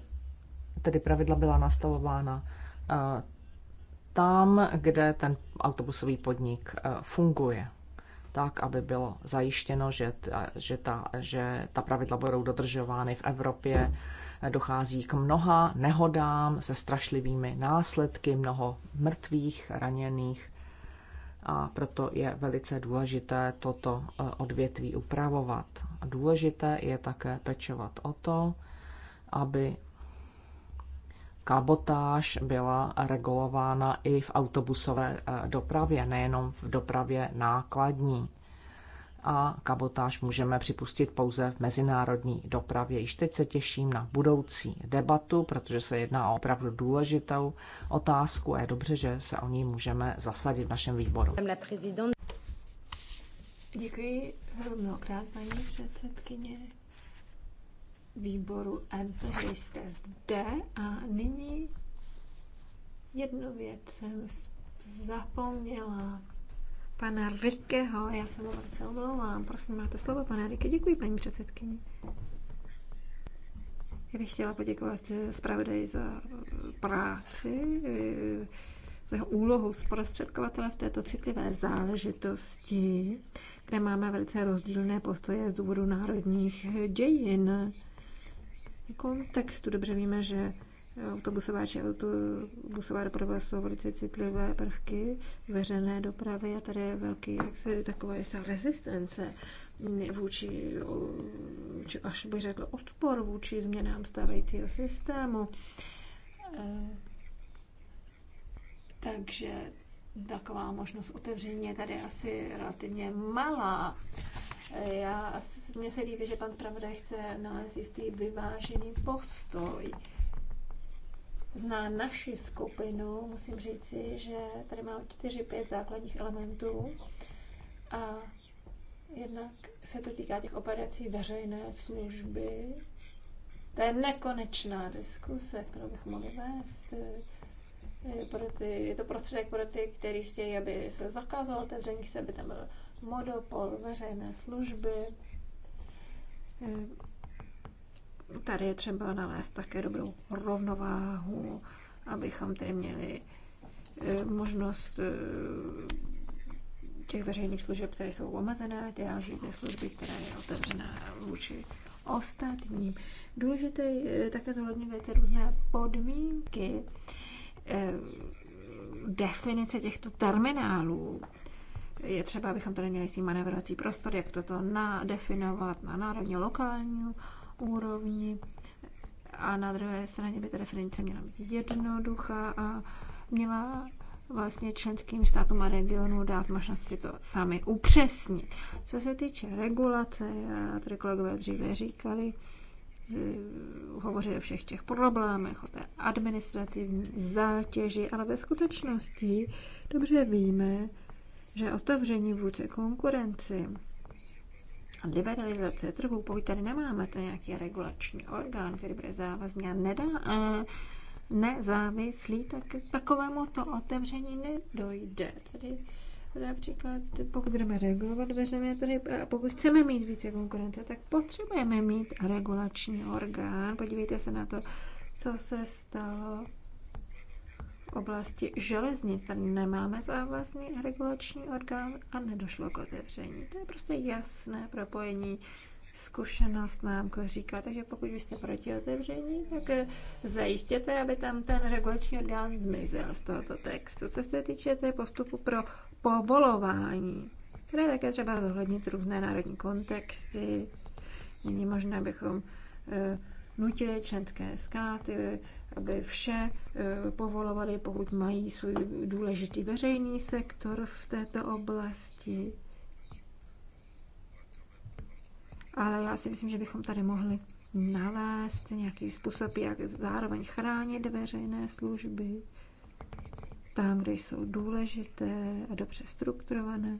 tedy pravidla byla nastavována eh, tam, kde ten autobusový podnik eh, funguje tak, aby bylo zajištěno, že, ta, že, ta, že ta pravidla budou dodržovány v Evropě. Dochází k mnoha nehodám se strašlivými následky, mnoho mrtvých, raněných a proto je velice důležité toto e, odvětví upravovat. Důležité je také pečovat o to, aby kabotáž byla regulována i v autobusové eh, dopravě, nejenom v dopravě nákladní. A kabotáž můžeme připustit pouze v mezinárodní dopravě. Již teď se těším na budoucí debatu, protože se jedná o opravdu důležitou otázku a je dobře, že se o ní můžeme zasadit v našem výboru. Děkuji mnohokrát, paní předsedkyně výboru MPV jste zde a nyní jednu věc jsem zapomněla. Pana Rikeho, já se mu velice omlouvám. Prosím, máte slovo, pane Rike. Děkuji, paní předsedkyni. Já bych chtěla poděkovat zpravodaji za práci, za jeho úlohu zprostředkovatele v této citlivé záležitosti, kde máme velice rozdílné postoje z důvodu národních dějin kontextu. Jako, dobře víme, že eh, autobusová či autobusová doprava jsou velice citlivé prvky veřejné dopravy a tady je velký, jak se taková jistá rezistence mm, vůči, či až bych řekl, odpor vůči změnám stávajícího systému. Eh, takže taková možnost otevření je tady asi relativně malá. Já, mně se líbí, že pan zpravodaj chce nalézt jistý vyvážený postoj. Zná naši skupinu, musím říci, že tady má 4-5 základních elementů a jednak se to týká těch operací veřejné služby. To je nekonečná diskuse, kterou bych mohli vést Eh, pro ty, je to prostředek pro ty, kteří chtějí, aby se zakázalo otevření, se aby tam byl monopol, veřejné služby. Eh, tady je třeba nalézt také dobrou rovnováhu, abychom tedy měli eh, možnost těch veřejných služeb, které jsou omezené, a ty té služby, která je otevřená vůči ostatním. Důležité je také zohledňovat různé podmínky Eh, definice těchto terminálů. Je třeba, abychom tady měli si manevrovací prostor, jak toto nadefinovat na národně lokální úrovni. A na druhé straně by ta definice měla být jednoduchá a měla vlastně členským státům a regionu dát možnost si to sami upřesnit. Co se týče regulace, já tady kolegové dříve říkali, hovořit o všech těch problémech, o té administrativní zátěži, ale ve skutečnosti dobře víme, že otevření vůdce konkurenci liberalizace trhu, pokud tady nemáme ten nějaký regulační orgán, který bude závazný a nedá, e, nezávislý, tak k takovému to otevření nedojde. Tady Například, pokud budeme regulovat veřejné trhy pokud chceme mít více konkurence, tak potřebujeme mít regulační orgán. Podívejte se na to, co se stalo v oblasti železnic. Nemáme závazný regulační orgán a nedošlo k otevření. To je prostě jasné propojení zkušenost nám říká, takže pokud jste proti otevření, tak eh, zajistěte, aby tam ten regulační orgán zmizel z tohoto textu. Co se týče té postupu pro povolování, které také třeba zohlednit různé národní kontexty. Není možné, abychom eh, nutili členské skáty, aby vše eh, povolovali, pokud mají svůj důležitý veřejný sektor v této oblasti. Ale já si myslím, že bychom tady mohli nalézt nějaký způsob, jak zároveň chránit veřejné služby tam, kde jsou důležité a dobře strukturované.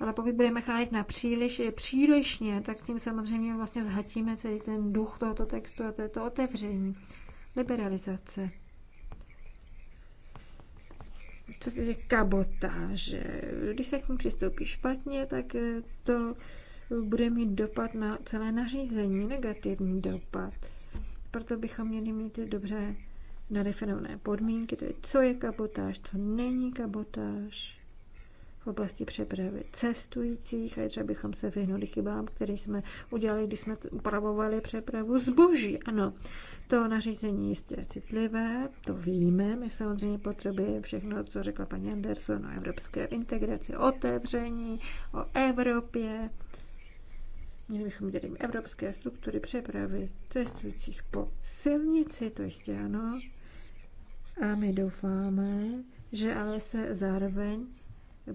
Ale pokud budeme chránit na příliš, přílišně, tak tím samozřejmě vlastně zhatíme celý ten duch tohoto textu a této otevření, liberalizace. Co se týče kabotáže, když se k ní přistoupí špatně, tak to bude mít dopad na celé nařízení, negativní dopad proto bychom měli mít dobře nadefinované podmínky, tedy co je kabotáž, co není kabotáž v oblasti přepravy cestujících a třeba bychom se vyhnuli chybám, které jsme udělali, když jsme upravovali přepravu zboží. Ano, to nařízení jistě je citlivé, to víme. My samozřejmě potřebujeme všechno, co řekla paní Anderson o evropské integraci, otevření, o Evropě, Měli bychom tedy evropské struktury přepravy cestujících po silnici, to jistě ano. A my doufáme, že ale se zároveň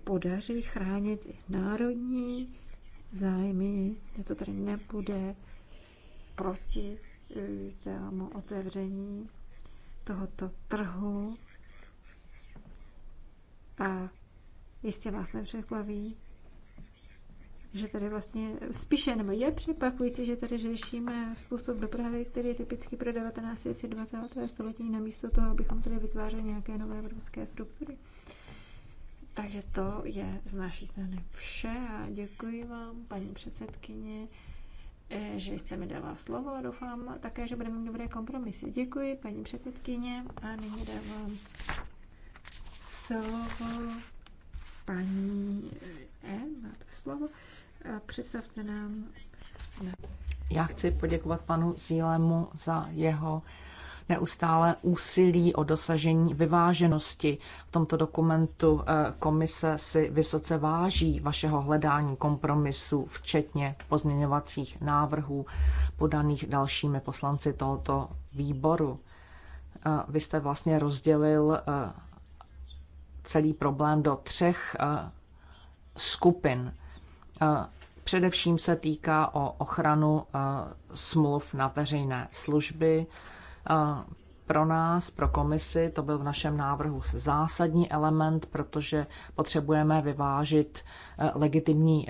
podaří chránit i národní zájmy, že to tady nebude proti eh, tému otevření tohoto trhu. A jistě vás nepřekvaví, že tady vlastně spíše nebo je překvapující, že tady řešíme způsob dopravy, který je typický pro 19. 20. století, namísto toho, abychom tady vytvářeli nějaké nové evropské struktury. Takže to je z naší strany vše a děkuji vám, paní předsedkyně, eh, že jste mi dala slovo a doufám také, že budeme mít dobré kompromisy. Děkuji, paní předsedkyně, a nyní dávám slovo paní E, máte slovo. Představte nám. Já chci poděkovat panu Zílemu za jeho neustále úsilí o dosažení vyváženosti. V tomto dokumentu eh, komise si vysoce váží vašeho hledání kompromisu, včetně pozměňovacích návrhů podaných dalšími poslanci tohoto výboru. Eh, vy jste vlastně rozdělil eh, celý problém do třech skupin Především se týká o ochranu eh, smluv na veřejné služby. Eh, pro nás, pro komisi, to byl v našem návrhu zásadní element, protože potřebujeme vyvážit eh, legitimní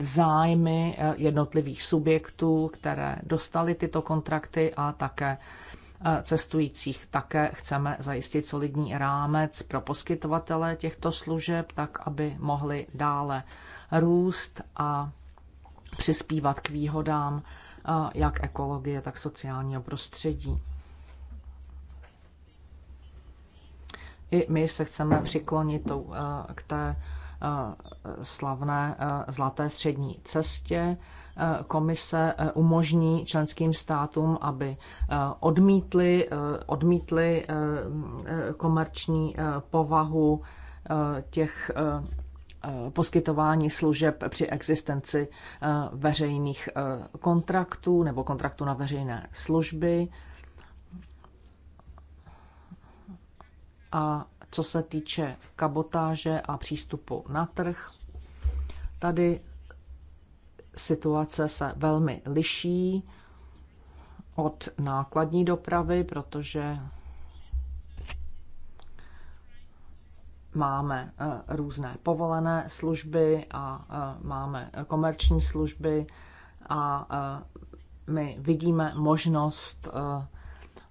zájmy jednotlivých subjektů, které dostaly tyto kontrakty a také cestujících. Také chceme zajistit solidní rámec pro poskytovatele těchto služeb, tak aby mohli dále růst a přispívat k výhodám jak ekologie, tak sociálního prostředí. I my se chceme přiklonit e, k té e, slavné e, zlaté střední cestě, Eh, komise eh, umožní členským státům, aby eh, odmítli, odmítli komerční povahu těch poskytování služeb při existenci veřejných kontraktů nebo kontraktů na veřejné služby. A co se týče kabotáže a přístupu na trh, tady situace se velmi liší od nákladní dopravy, protože máme eh, různé povolené služby a eh, máme komerční služby a eh, my vidíme možnost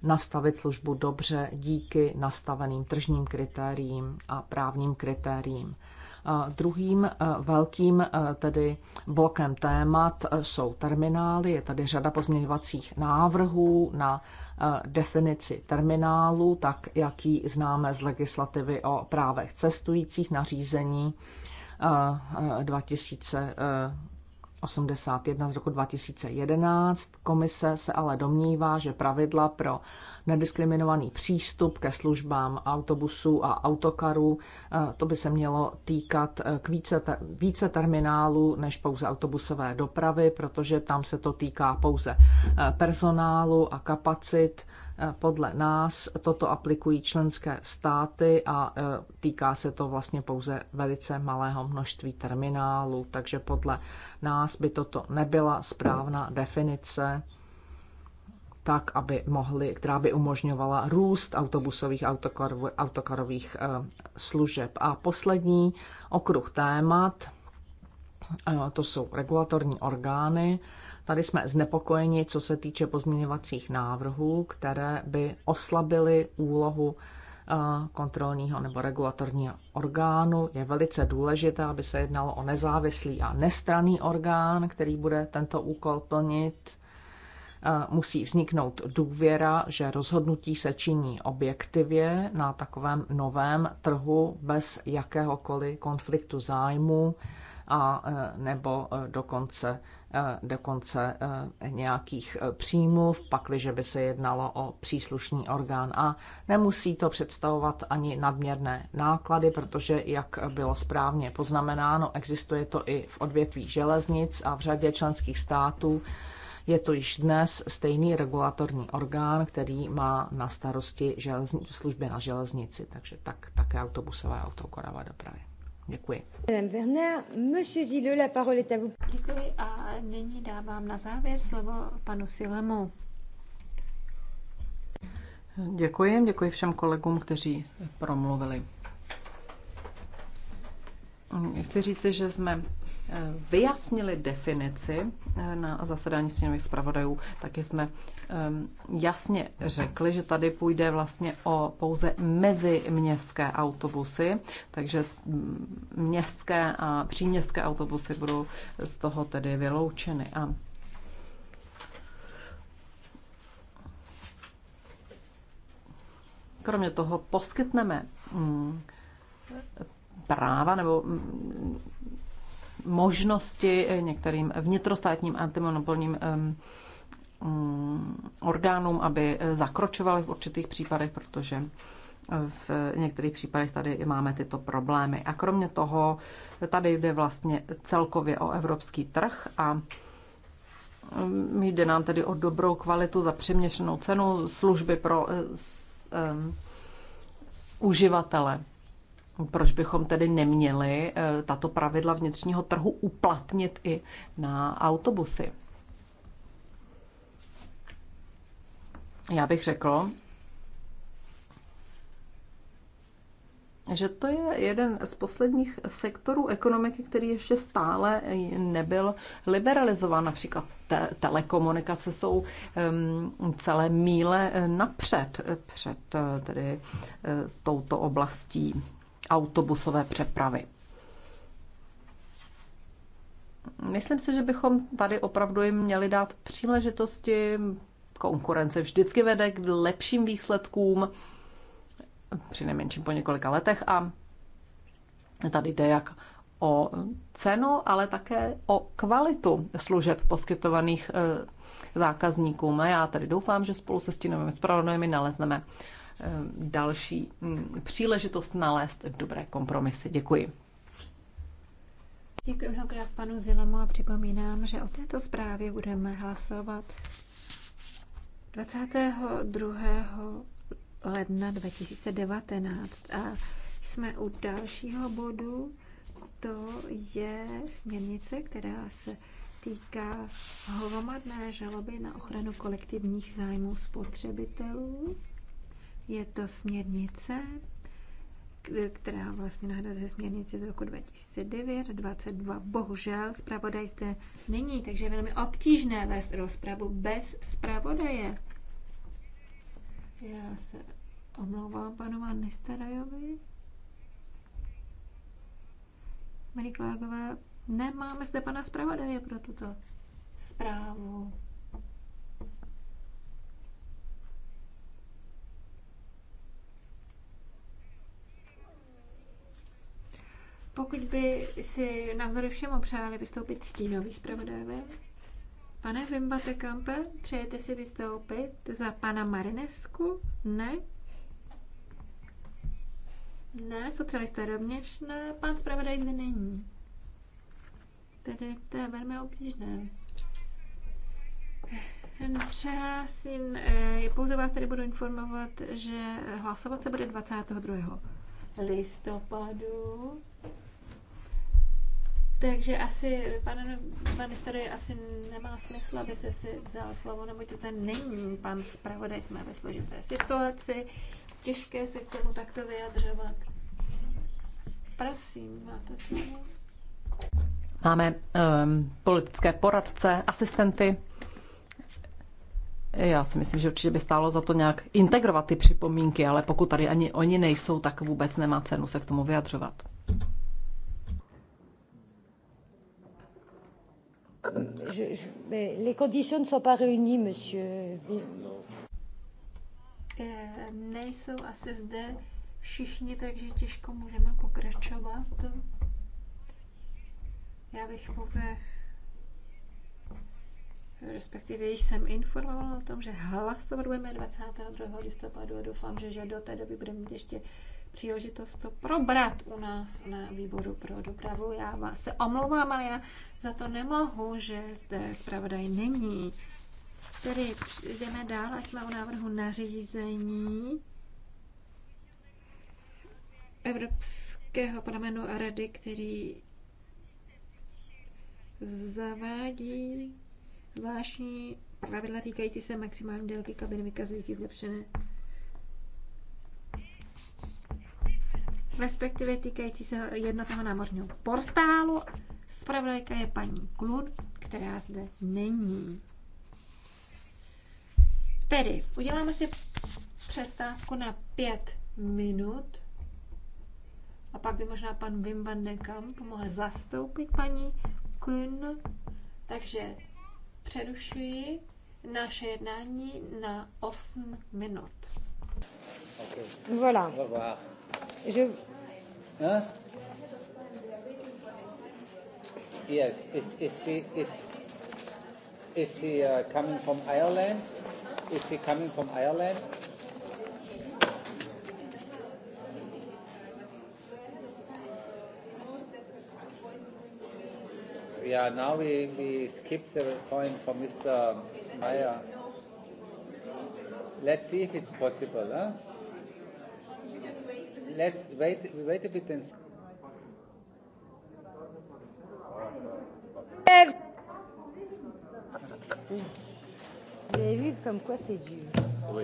nastavit službu dobře díky nastaveným tržním kritériím a právním kritériím. Druhým e, velkým e, tedy blokem témat e, jsou terminály. Je tady řada pozměňovacích návrhů na definici terminálu, tak jaký známe z legislativy o právech cestujících nařízení 2000 81 z roku 2011. Komise se ale domnívá, že pravidla pro nediskriminovaný přístup ke službám autobusů a autokarů, eh, to by se mělo týkat eh, k více, více terminálů než pouze autobusové dopravy, protože tam se to týká pouze eh, personálu a kapacit podle nás toto aplikují členské státy a e, týká se to vlastně pouze velice malého množství terminálů, takže podle nás by toto nebyla správná definice tak, aby mohli, která by umožňovala růst autobusových autokarov, autokarových e, služeb. A poslední okruh témat, e, to jsou regulatorní orgány. Tady jsme znepokojeni, co se týče pozměňovacích návrhů, které by oslabily úlohu eh, kontrolního nebo regulatorního orgánu. Je velice důležité, aby se jednalo o nezávislý a nestraný orgán, který bude tento úkol plnit. Eh, musí vzniknout důvěra, že rozhodnutí se činí objektivě na takovém novém trhu bez jakéhokoliv konfliktu zájmu a eh, nebo dokonce Eh, dokonce eh, nějakých eh, příjmů, pakliže by se jednalo o příslušný orgán. A nemusí to představovat ani nadměrné náklady, protože, jak bylo správně poznamenáno, existuje to i v odvětví železnic a v řadě členských států. Je to již dnes stejný regulatorní orgán, který má na starosti železni- služby na železnici, takže tak, také autobusové autokorava dopravy. Děkuji. Werner, Monsieur Gilles, la parole est à vous. Děkuji a nyní dávám na závěr slovo panu Silemu. Děkuji, děkuji všem kolegům, kteří promluvili. Chci říci, že jsme vyjasnili definici eh, na zasedání sněmových zpravodajů, taky jsme ehm, jasně řekli, že tady půjde vlastně o pouze meziměstské autobusy, takže městské a příměstské autobusy budou z toho tedy vyloučeny. A kromě toho poskytneme mm, práva nebo mm, možnosti eh, některým vnitrostátním antimonopolním mm, orgánům, aby eh, zakročovali v určitých případech, protože eh, v některých případech tady máme tyto problémy. A kromě toho, tady jde vlastně celkově o evropský trh a mm, jde nám tedy o dobrou kvalitu za přeměšenou cenu služby pro uživatele. Proč bychom tedy neměli eh, tato pravidla vnitřního trhu uplatnit i na autobusy? Já bych řekl, že to je jeden z posledních sektorů ekonomiky, který ještě stále nebyl liberalizován. Například te- telekomunikace jsou um, celé míle eh, napřed eh, před tedy touto oblastí autobusové přepravy. Myslím si, že bychom tady opravdu jim měli dát příležitosti. Konkurence vždycky vede k lepším výsledkům, při nejmenším po několika letech. A tady jde jak o cenu, ale také o kvalitu služeb poskytovaných eh, zákazníkům. A já tady doufám, že spolu se stínovými spravodajmi nalezneme Eh, další mm, příležitost nalézt dobré kompromisy. Děkuji. Děkuji mnohokrát panu Zilemu a připomínám, že o této zprávě budeme hlasovat 22. ledna 2019. A jsme u dalšího bodu, to je směrnice, která se týká hromadné žaloby na ochranu kolektivních zájmů spotřebitelů. Je to směrnice, která vlastně nahrazuje směrnici z roku 2009 22. Bohužel zpravodaj zde není, takže je velmi obtížné vést rozpravu bez zpravodaje. Já se omlouvám panu Van Nistarajovi. Milí kolegové, nemáme zde pana zpravodaje pro tuto zprávu. Pokud by si navzory všemu přáli vystoupit stínový zpravodajové, pane Vimbate Kampe, přejete si vystoupit za pana Marinesku? Ne? Ne, socialista rovněž ne, pan zpravodaj zde není. Tedy to je velmi obtížné. Přihlásím, je eh, pouze vás tady budu informovat, že hlasovat se bude 22. listopadu takže asi, pane minister, asi nemá smysl, aby se si vzal slovo, neboť to ten není pan zpravodaj, jsme ve složité situaci, těžké se k tomu takto vyjadřovat. Prosím, máte slovo. Máme um, politické poradce, asistenty. Já si myslím, že určitě by stálo za to nějak integrovat ty připomínky, ale pokud tady ani oni nejsou, tak vůbec nemá cenu se k tomu vyjadřovat. Je, je, mais les conditions ne sont pas réunies, monsieur. Eh, nejsou asi zde všichni, takže těžko můžeme pokračovat. Já bych pouze respektive již jsem informovala o tom, že hlasovat budeme 22. listopadu a doufám, že, že do té doby budeme mít ještě příležitost to probrat u nás na výboru pro dopravu. Já se omlouvám, ale já za to nemohu, že zde zpravodaj není. Tedy jdeme dál, až jsme u návrhu nařízení Evropského parlamentu a rady, který zavádí zvláštní pravidla týkající se maximální délky kabiny vykazující zlepšené respektive týkající se jednotného námořního portálu. Spravodajka je paní Klun, která zde není. Tedy uděláme si přestávku na pět minut a pak by možná pan Wim van de Kamp mohl zastoupit paní Klun. Takže přerušuji naše jednání na 8 minut. Okay. Voilà. Je... Huh? Yes. Is, is she is is she uh, coming from Ireland? Is she coming from Ireland? Yeah. Now we we skip the point for Mr. Meyer. Let's see if it's possible, huh? let's wait, we wait a bit and see. Vous avez vu comme quoi c'est dur. Oui.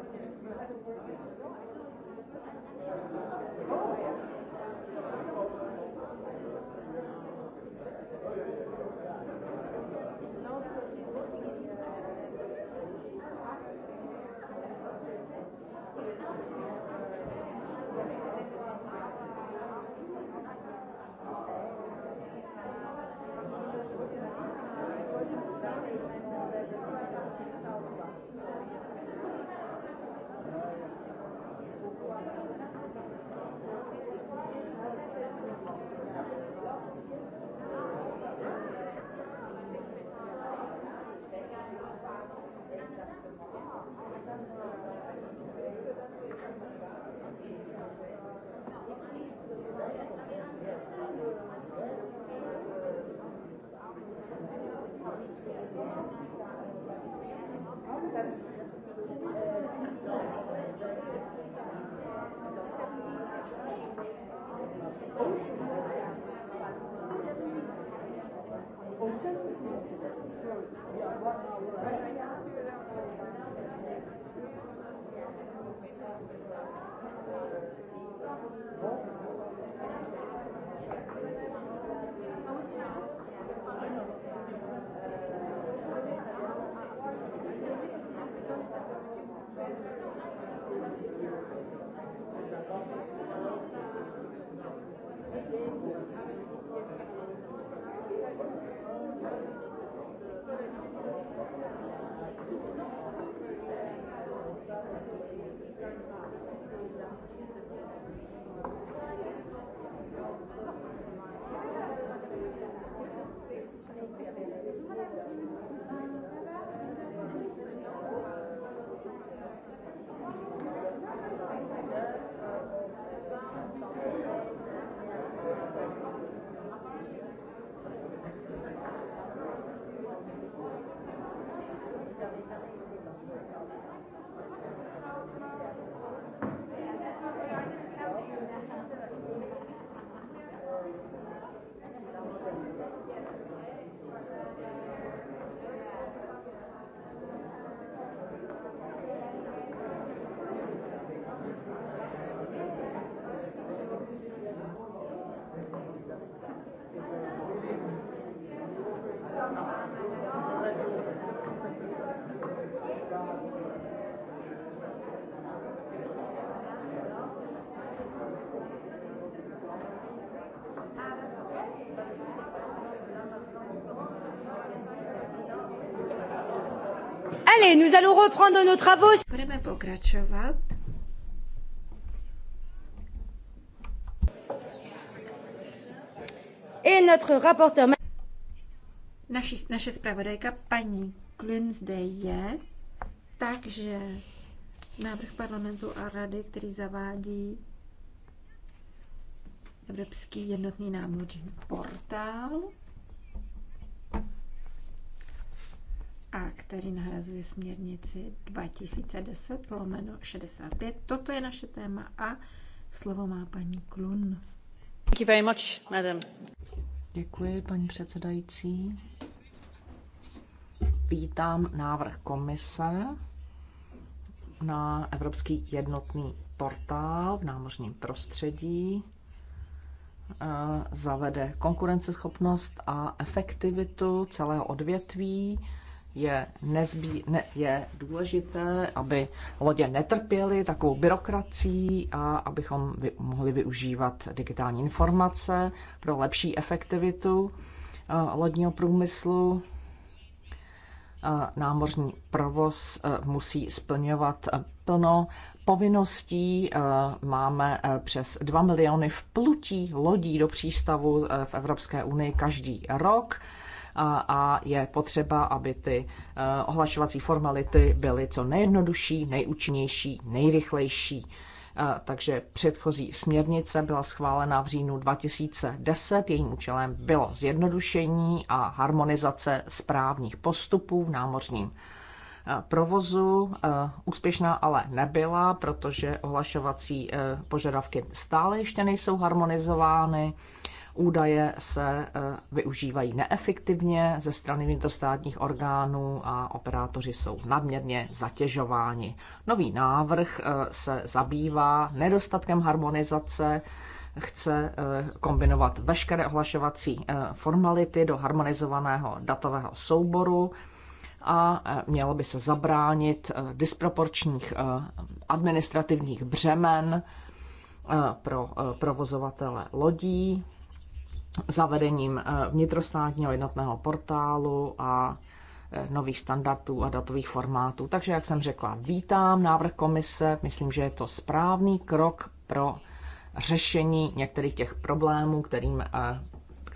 Thank you. Allez, nous allons reprendre nos travaux. Budeme pokračovat. Et notre rapporteur... Naši, naše zpravodajka paní Klun zde je, takže návrh parlamentu a rady, který zavádí Evropský jednotný námořní portál. který nahrazuje směrnici 2010 lomeno 65. Toto je naše téma a slovo má paní Klun. Thank you very much, madam. Děkuji, paní předsedající. Vítám návrh komise na Evropský jednotný portál v námořním prostředí eh, zavede konkurenceschopnost a efektivitu celého odvětví je, nezbý, ne, je důležité, aby lodě netrpěly takovou byrokracií a abychom vy, mohli využívat digitální informace pro lepší efektivitu eh, lodního průmyslu. Eh, námořní provoz eh, musí splňovat plno povinností. Máme přes 2 miliony vplutí lodí do přístavu v Evropské unii každý rok a je potřeba, aby ty eh, ohlašovací formality byly co nejjednodušší, nejúčinnější, nejrychlejší. Eh, takže předchozí směrnice byla schválena v říjnu 2010. Jejím účelem bylo zjednodušení a harmonizace správních postupů v námořním eh, provozu. Úspěšná ale nebyla, protože ohlašovací požadavky stále ještě nejsou harmonizovány. Údaje se e, využívají neefektivně ze strany vnitrostátních orgánů a operátoři jsou nadměrně zatěžováni. Nový návrh e, se zabývá nedostatkem harmonizace, chce e, kombinovat veškeré ohlašovací formality do harmonizovaného datového souboru a mělo by se zabránit disproporčních administrativních břemen pro provozovatele lodí zavedením eh, vnitrostátního jednotného portálu a eh, nových standardů a datových formátů. Takže, jak jsem řekla, vítám návrh komise, myslím, že je to správný krok pro řešení některých těch problémů, kterým eh,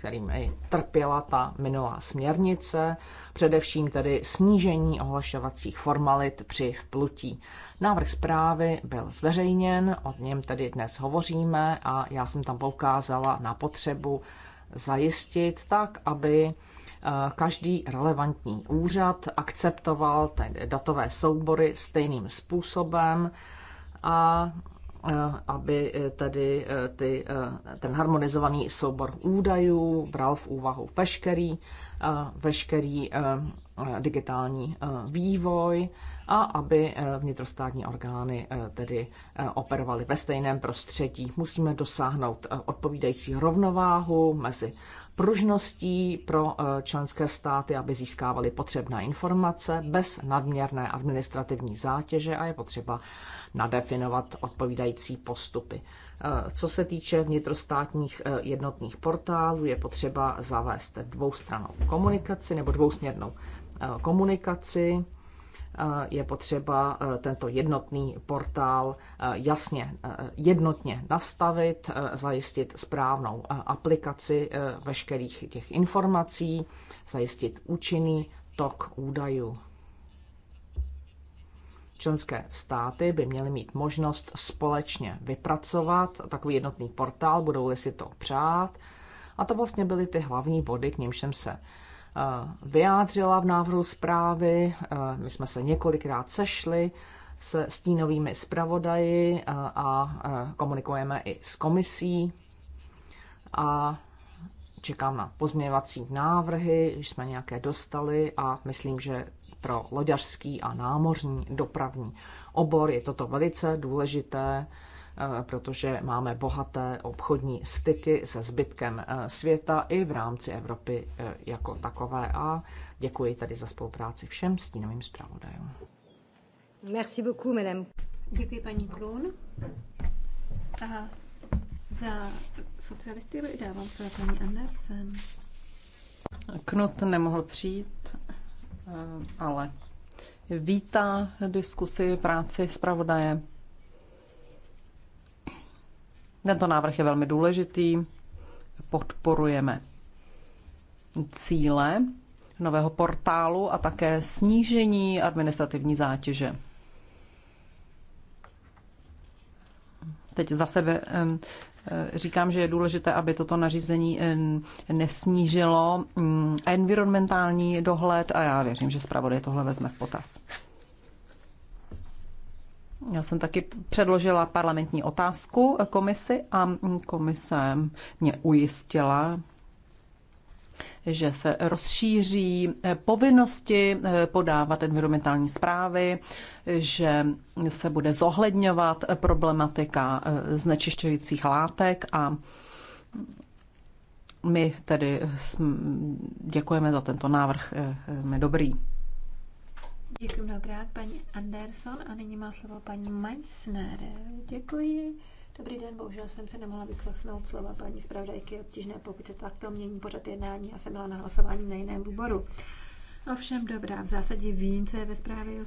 kterými trpěla ta minulá směrnice, především tedy snížení ohlašovacích formalit při vplutí. Návrh zprávy byl zveřejněn, o něm tedy dnes hovoříme a já jsem tam poukázala na potřebu zajistit tak, aby eh, každý relevantní úřad akceptoval tedy datové soubory stejným způsobem a Eh, aby eh, tedy eh, ty, ten harmonizovaný soubor údajů bral v úvahu veškerý, veškerý digitální vývoj a aby vnitrostátní orgány tedy operovaly ve stejném prostředí. Musíme dosáhnout odpovídající rovnováhu mezi pružností pro eh, členské státy, aby získávaly potřebné informace bez nadměrné administrativní zátěže a je potřeba nadefinovat odpovídající postupy. Eh, co se týče vnitrostátních eh, jednotných portálů, je potřeba zavést dvoustranou komunikaci nebo dvousměrnou komunikaci Eh, je potřeba eh, tento jednotný portál eh, jasně, jednotně nastavit, zajistit správnou aplikaci veškerých těch informací, zajistit účinný tok údajů. Členské státy by měly mít možnost společně vypracovat takový jednotný portál, budou-li si to přát. A to vlastně byly ty hlavní body, k nímž jsem se Eh, vyjádřila v návrhu zprávy. Eh, my jsme se několikrát sešli se stínovými zpravodaji eh, a komunikujeme i s komisí. A čekám na pozměňovací návrhy, už jsme nějaké dostali a myslím, že pro loďařský a námořní dopravní obor je toto velice důležité Eh, protože máme bohaté obchodní styky se zbytkem eh, světa i v rámci Evropy eh, jako takové. A děkuji tady za spolupráci všem stínovým zpravodajům. Merci beaucoup, madame. Děkuji, paní Klun. Aha. Za socialisty dávám se paní Andersen. Knut nemohl přijít, ale vítá diskusi práci zpravodaje. Tento návrh je velmi důležitý. Podporujeme cíle nového portálu a také snížení administrativní zátěže. Teď za sebe eh, říkám, že je důležité, aby toto nařízení nesnížilo mm, environmentální dohled a já věřím, že zpravodaj tohle vezme v potaz. Já jsem taky předložila parlamentní otázku komisi a komise mě ujistila, že se rozšíří povinnosti podávat environmentální zprávy, že se bude zohledňovat problematika znečišťujících látek a my tedy děkujeme za tento návrh, je dobrý. Děkuji mnohokrát paní Anderson a nyní má slovo paní Meissner. Děkuji. Dobrý den, bohužel jsem se nemohla vyslechnout slova paní zpravodajky obtížné, pokud se takto mění pořad jednání. Já jsem byla na hlasování na jiném výboru. Ovšem dobrá, v zásadě vím, co je ve zprávě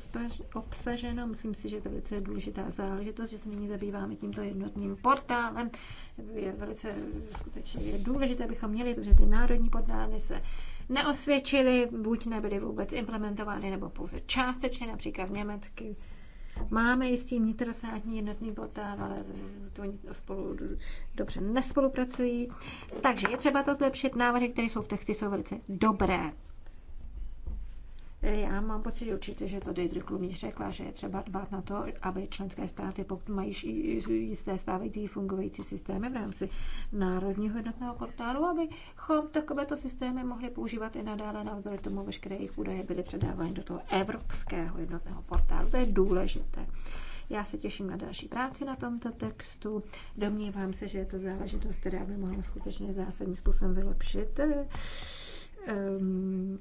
obsaženo. Myslím si, že to je velice důležitá záležitost, že se nyní zabýváme tímto jednotným portálem. Je velice skutečně je důležité, abychom měli, protože ty národní portály se neosvědčily, buď nebyly vůbec implementovány, nebo pouze částečně, například v Německy. Máme jistý vnitrostátní jednotný portál, ale to oni spolu dobře nespolupracují. Takže je třeba to zlepšit. Návrhy, které jsou v texty, jsou velice dobré. Já mám pocit určitě, že to Deidre Klumíř řekla, že je třeba dbát na to, aby členské státy, pokud mají jisté stávající fungující systémy v rámci národního jednotného portálu, abychom takovéto systémy mohli používat i nadále navzdory tomu, veškeré jejich údaje byly předávány do toho evropského jednotného portálu. To je důležité. Já se těším na další práci na tomto textu. Domnívám se, že je to záležitost, která by mohla skutečně zásadním způsobem vylepšit um,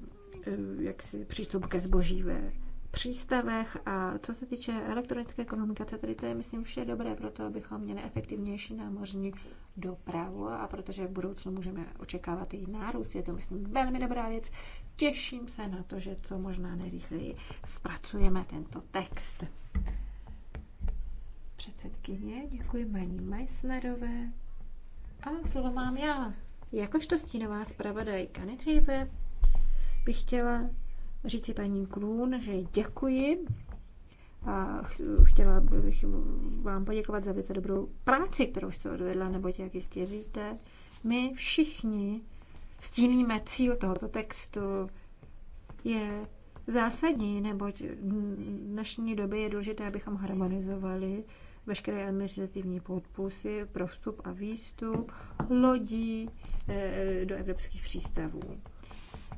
Eh, jaksi přístup ke zboží ve přístavech. A co se týče elektronické komunikace, tady to je, myslím, vše dobré pro to, abychom měli efektivnější námořní dopravu a protože v budoucnu můžeme očekávat i nárůst, je to, myslím, velmi dobrá věc. Těším se na to, že co možná nejrychleji zpracujeme tento text. Předsedkyně, děkuji paní Meissnerové. A slovo mám já. Jakožto stínová zpravodajka Nitrive bych chtěla říci paní Klun, že děkuji a chtěla bych vám poděkovat za velice dobrou práci, kterou jste odvedla, neboť, jak jistě víte, my všichni stílíme cíl tohoto textu. Je zásadní, neboť v dnešní době je důležité, abychom harmonizovali veškeré administrativní podpusy pro vstup a výstup lodí eh, do evropských přístavů.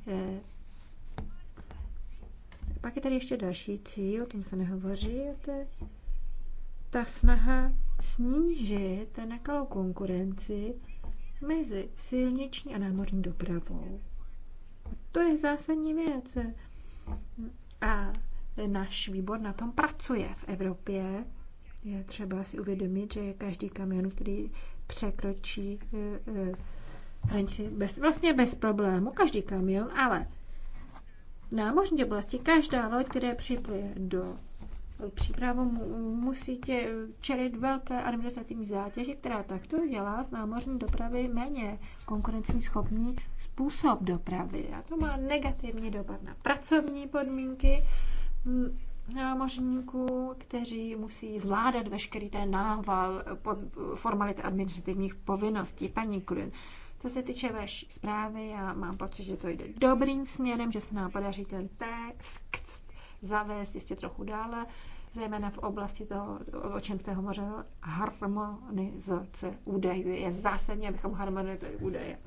Eh, pak je tady ještě další cíl, o tom se nehovoří, a to je ta snaha snížit nekalou konkurenci mezi silniční a námořní dopravou. A to je zásadní věc. A náš výbor na tom pracuje v Evropě. Je třeba si uvědomit, že každý kamion, který překročí eh, eh, hranici bez, vlastně bez problému, každý kamion, ale námořní oblasti každá loď, která připluje do přípravu, musíte čelit velké administrativní zátěži, která takto dělá z námořní dopravy méně schopný způsob dopravy. A to má negativní dopad na pracovní podmínky námořníků, kteří musí zvládat veškerý ten nával pod administrativních povinností. Paní Krun, co se týče vaší zprávy, já mám pocit, že to jde dobrým směrem, že se nám podaří ten text zavést ještě trochu dále, zejména v oblasti toho, o čem jste hovořil, harmonizace údajů. Je zásadní, abychom harmonizovali údaje.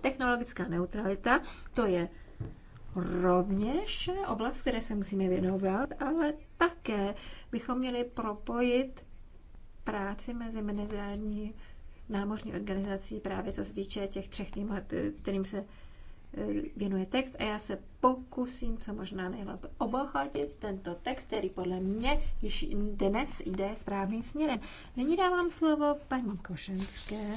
Technologická neutralita, to je rovněž oblast, které se musíme věnovat, ale také bychom měli propojit práci mezi mezinárodní námořní organizací právě co se týče těch třech témat, kterým se eh, věnuje text a já se pokusím co možná nejlépe obohatit tento text, který podle mě již dnes jde správným směrem. Nyní dávám slovo paní Košenské,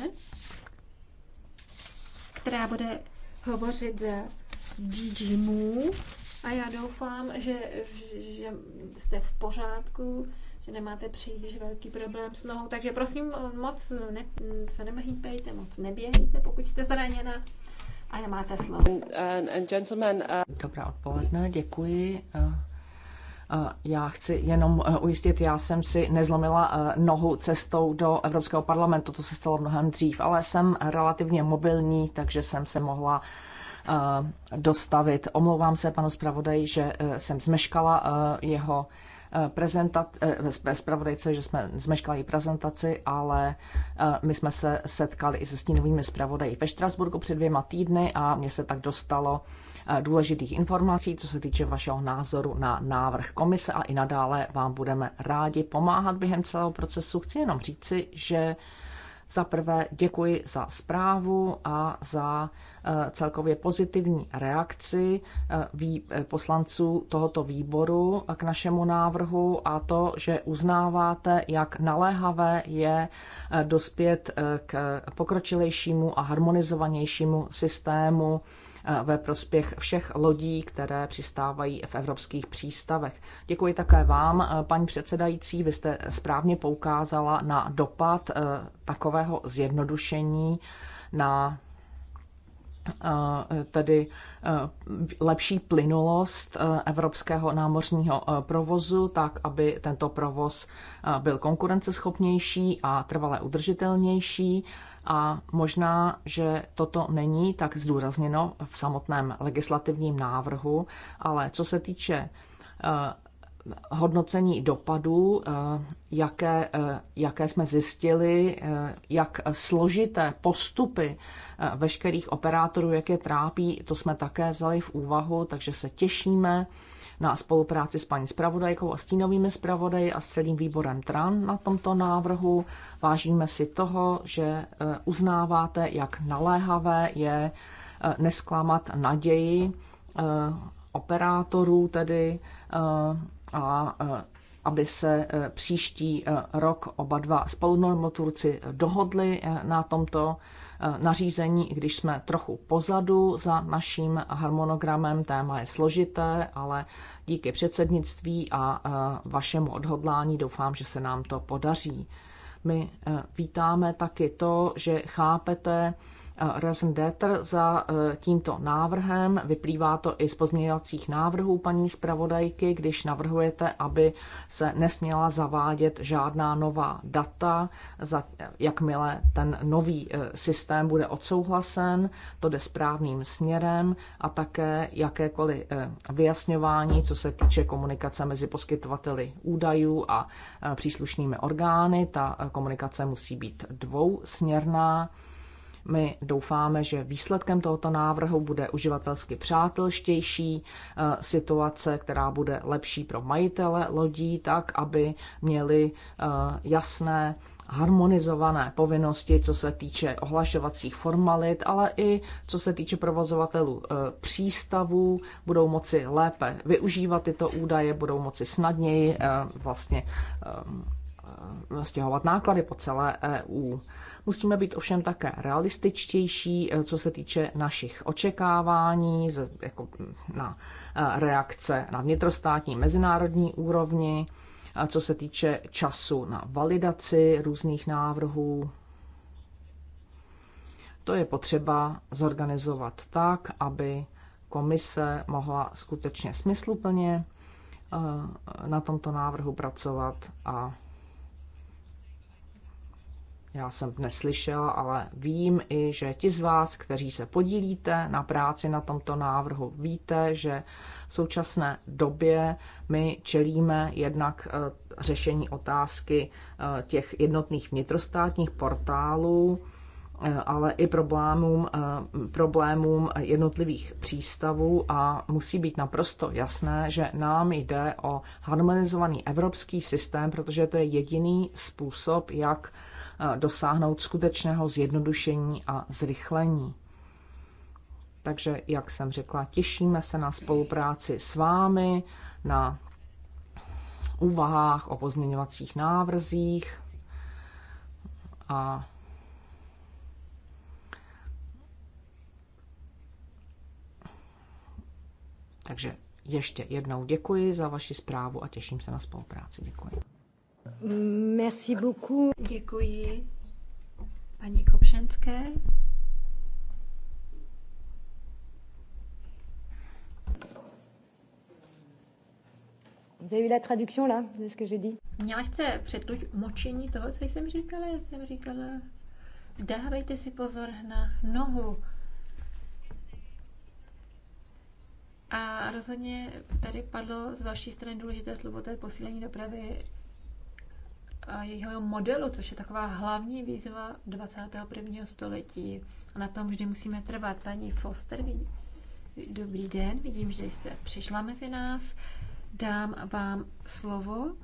která bude hovořit za DG Move a já doufám, že, že jste v pořádku že nemáte příliš velký problém s nohou. Takže prosím, moc ne, se nemhýpejte, moc neběhejte, pokud jste zraněna. A nemáte slovo. And, and gentlemen, uh... Dobré odpoledne, děkuji. Eh, eh, já chci jenom eh, ujistit, já jsem si nezlomila nohu cestou do Evropského parlamentu, to se stalo mnohem dřív, ale jsem relativně mobilní, takže jsem se mohla dostavit. Omlouvám se panu zpravodaji, že jsem zmeškala jeho Eh, prezentat, eh, zpravodajce, že jsme zmeškali prezentaci, ale eh, my jsme se setkali i se stínovými zpravodaji ve Štrasburgu před dvěma týdny a mně se tak dostalo důležitých informací, co se týče vašeho názoru na návrh komise a i nadále vám budeme rádi pomáhat během celého procesu. Chci jenom říci, že za prvé děkuji za zprávu a za eh, celkově pozitivní reakci eh, eh, poslanců tohoto výboru k našemu návrhu a to, že uznáváte, jak naléhavé je dospět k pokročilejšímu a harmonizovanějšímu systému Eh, ve prospěch všech lodí, které přistávají v evropských přístavech. Děkuji také vám, eh, paní předsedající, vy jste správně poukázala na dopad eh, takového zjednodušení na tedy lepší plynulost evropského námořního provozu, tak aby tento provoz byl konkurenceschopnější a trvale udržitelnější a možná, že toto není tak zdůrazněno v samotném legislativním návrhu, ale co se týče eh, hodnocení dopadů, eh, jaké, eh, jaké jsme zjistili, jak složité postupy veškerých operátorů, jak je trápí, to jsme také vzali v úvahu, takže se těšíme na spolupráci s paní zpravodajkou a stínovými zpravodaji a s celým výborem TRAN na tomto návrhu. Vážíme si toho, že e, uznáváte, jak naléhavé je e, nesklamat naději e, operátorů tedy a aby se příští rok oba dva spolunormoturci dohodli na tomto Eh, nařízení, i když jsme trochu pozadu za naším harmonogramem. Téma je složité, ale díky předsednictví a eh, vašemu odhodlání doufám, že se nám to podaří. My eh, vítáme taky to, že chápete Detr za e, tímto návrhem. Vyplývá to i z pozměňovacích návrhů paní zpravodajky, když navrhujete, aby se nesměla zavádět žádná nová data, za, jakmile ten nový e, systém bude odsouhlasen, to jde správným směrem a také jakékoliv e, vyjasňování, co se týče komunikace mezi poskytovateli údajů a příslušnými orgány. Ta komunikace musí být dvousměrná my doufáme, že výsledkem tohoto návrhu bude uživatelsky přátelštější eh, situace, která bude lepší pro majitele lodí, tak aby měli eh, jasné harmonizované povinnosti, co se týče ohlašovacích formalit, ale i co se týče provozovatelů eh, přístavů, budou moci lépe využívat tyto údaje, budou moci snadněji vlastně stěhovat náklady po celé EU. Musíme být ovšem také realističtější, eh, co se týče našich očekávání jako na eh, reakce na vnitrostátní mezinárodní úrovni, co se týče času na validaci různých návrhů. To je potřeba zorganizovat tak, aby komise mohla skutečně smysluplně eh, na tomto návrhu pracovat a já jsem dnes slyšela, ale vím i, že ti z vás, kteří se podílíte na práci na tomto návrhu, víte, že v současné době my čelíme jednak eh, řešení otázky eh, těch jednotných vnitrostátních portálů, eh, ale i problémům, problémům jednotlivých přístavů a musí být naprosto jasné, že nám jde o harmonizovaný evropský systém, protože to je jediný způsob, jak Eh, dosáhnout skutečného zjednodušení a zrychlení. Takže, jak jsem řekla, těšíme se na spolupráci s vámi, na úvahách o pozměňovacích návrzích a Takže ještě jednou děkuji za vaši zprávu a těším se na spolupráci. Děkuji. Merci beaucoup. Děkuji paní Kopšenské. Vous avez eu la traduction là, de ce que j'ai dit? Měla jste přetluč močení toho, co jsem říkala? Já jsem říkala, dávejte si pozor na nohu. A rozhodně tady padlo z vaší strany důležité slovo, to je posílení dopravy jejího modelu, což je taková hlavní výzva 21. století. A na tom vždy musíme trvat. Paní Foster, vidí. dobrý den, vidím, že jste přišla mezi nás. Dám vám slovo,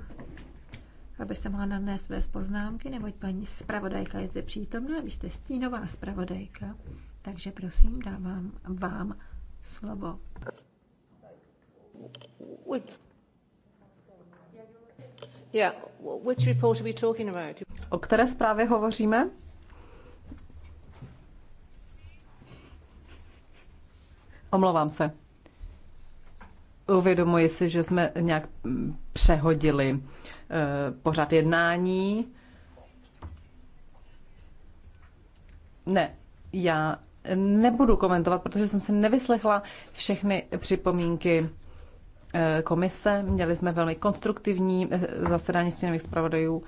abyste mohla nanést své poznámky, neboť paní zpravodajka je zde přítomná, vy jste stínová zpravodajka. Takže prosím, dávám vám slovo. Yeah. Which report are we talking about? O které zprávě hovoříme? Omlouvám se. Uvědomuji si, že jsme nějak mm, přehodili eh, pořad jednání. Ne, já nebudu komentovat, protože jsem se nevyslechla všechny připomínky Eh, komise. Měli jsme velmi konstruktivní eh, zasedání stěnových zpravodajů.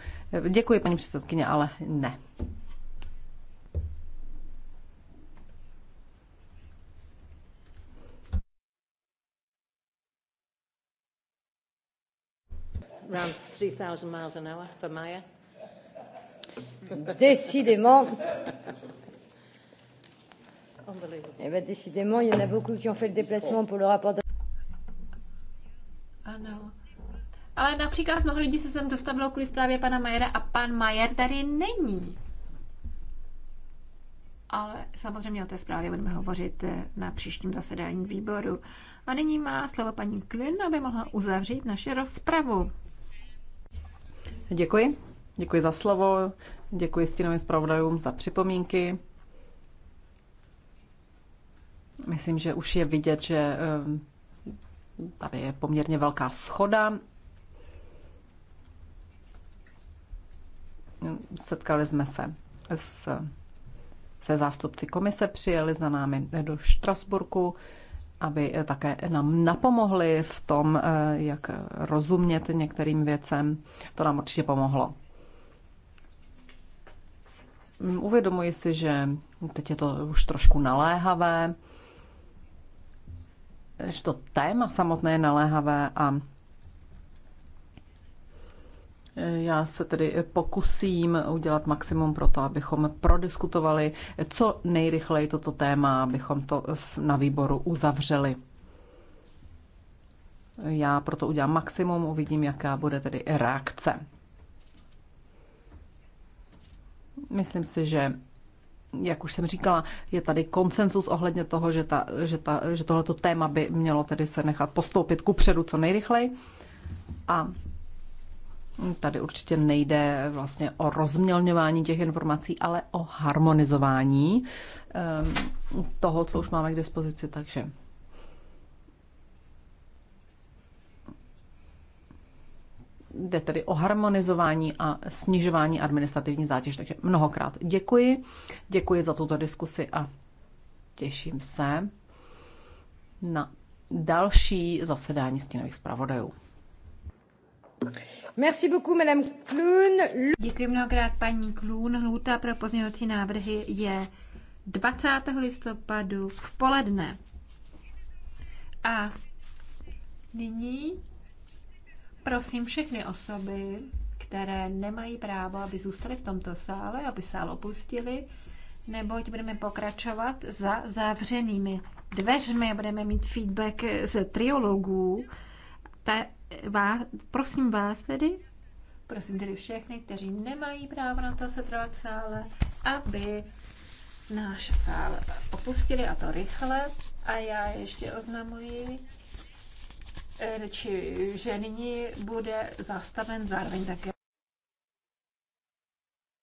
Eh, děkuji, paní předsedkyně, ale ne. around 3,000 miles an hour for Maya. Décidément. Eh ben, décidément, il y en a beaucoup qui ont fait le déplacement pour le rapport de... ale například mnoho lidí se sem dostavilo kvůli zprávě pana Majera a pan Majer tady není. Ale samozřejmě o té zprávě budeme hovořit eh, na příštím zasedání výboru. A nyní má slovo paní Klin, aby mohla uzavřít naši rozpravu. Děkuji. Děkuji za slovo. Děkuji stínovým zpravodajům za připomínky. Myslím, že už je vidět, že eh, tady je poměrně velká schoda Setkali jsme se s, se zástupci komise, přijeli za námi do Štrasburku, aby také nám napomohli v tom, eh, jak rozumět některým věcem. To nám určitě pomohlo. Uvědomuji si, že teď je to už trošku naléhavé, že to téma samotné je naléhavé a já se tedy pokusím udělat maximum pro to, abychom prodiskutovali co nejrychleji toto téma, abychom to na výboru uzavřeli. Já proto udělám maximum, uvidím, jaká bude tedy reakce. Myslím si, že jak už jsem říkala, je tady konsenzus ohledně toho, že, ta, že, ta, že tohleto téma by mělo tedy se nechat postoupit ku předu co nejrychleji. A Tady určitě nejde vlastně o rozmělňování těch informací, ale o harmonizování ehm, toho, co už máme k dispozici. Takže jde tedy o harmonizování a snižování administrativní zátěže. Takže mnohokrát děkuji. Děkuji za tuto diskusi a těším se na další zasedání stínových zpravodajů. Merci beaucoup, Madame Klun. Děkuji mnohokrát, paní Klun. Lhůta pro pozměňovací návrhy je 20. listopadu v poledne. A nyní prosím všechny osoby, které nemají právo, aby zůstaly v tomto sále, aby sál opustili, neboť budeme pokračovat za zavřenými dveřmi. Budeme mít feedback ze triologů ta, vá, prosím vás tedy, prosím tedy všechny, kteří nemají právo na to se trvat v sále, aby náš sál opustili a to rychle. A já ještě oznamuji, eh, či, že nyní bude zastaven zároveň také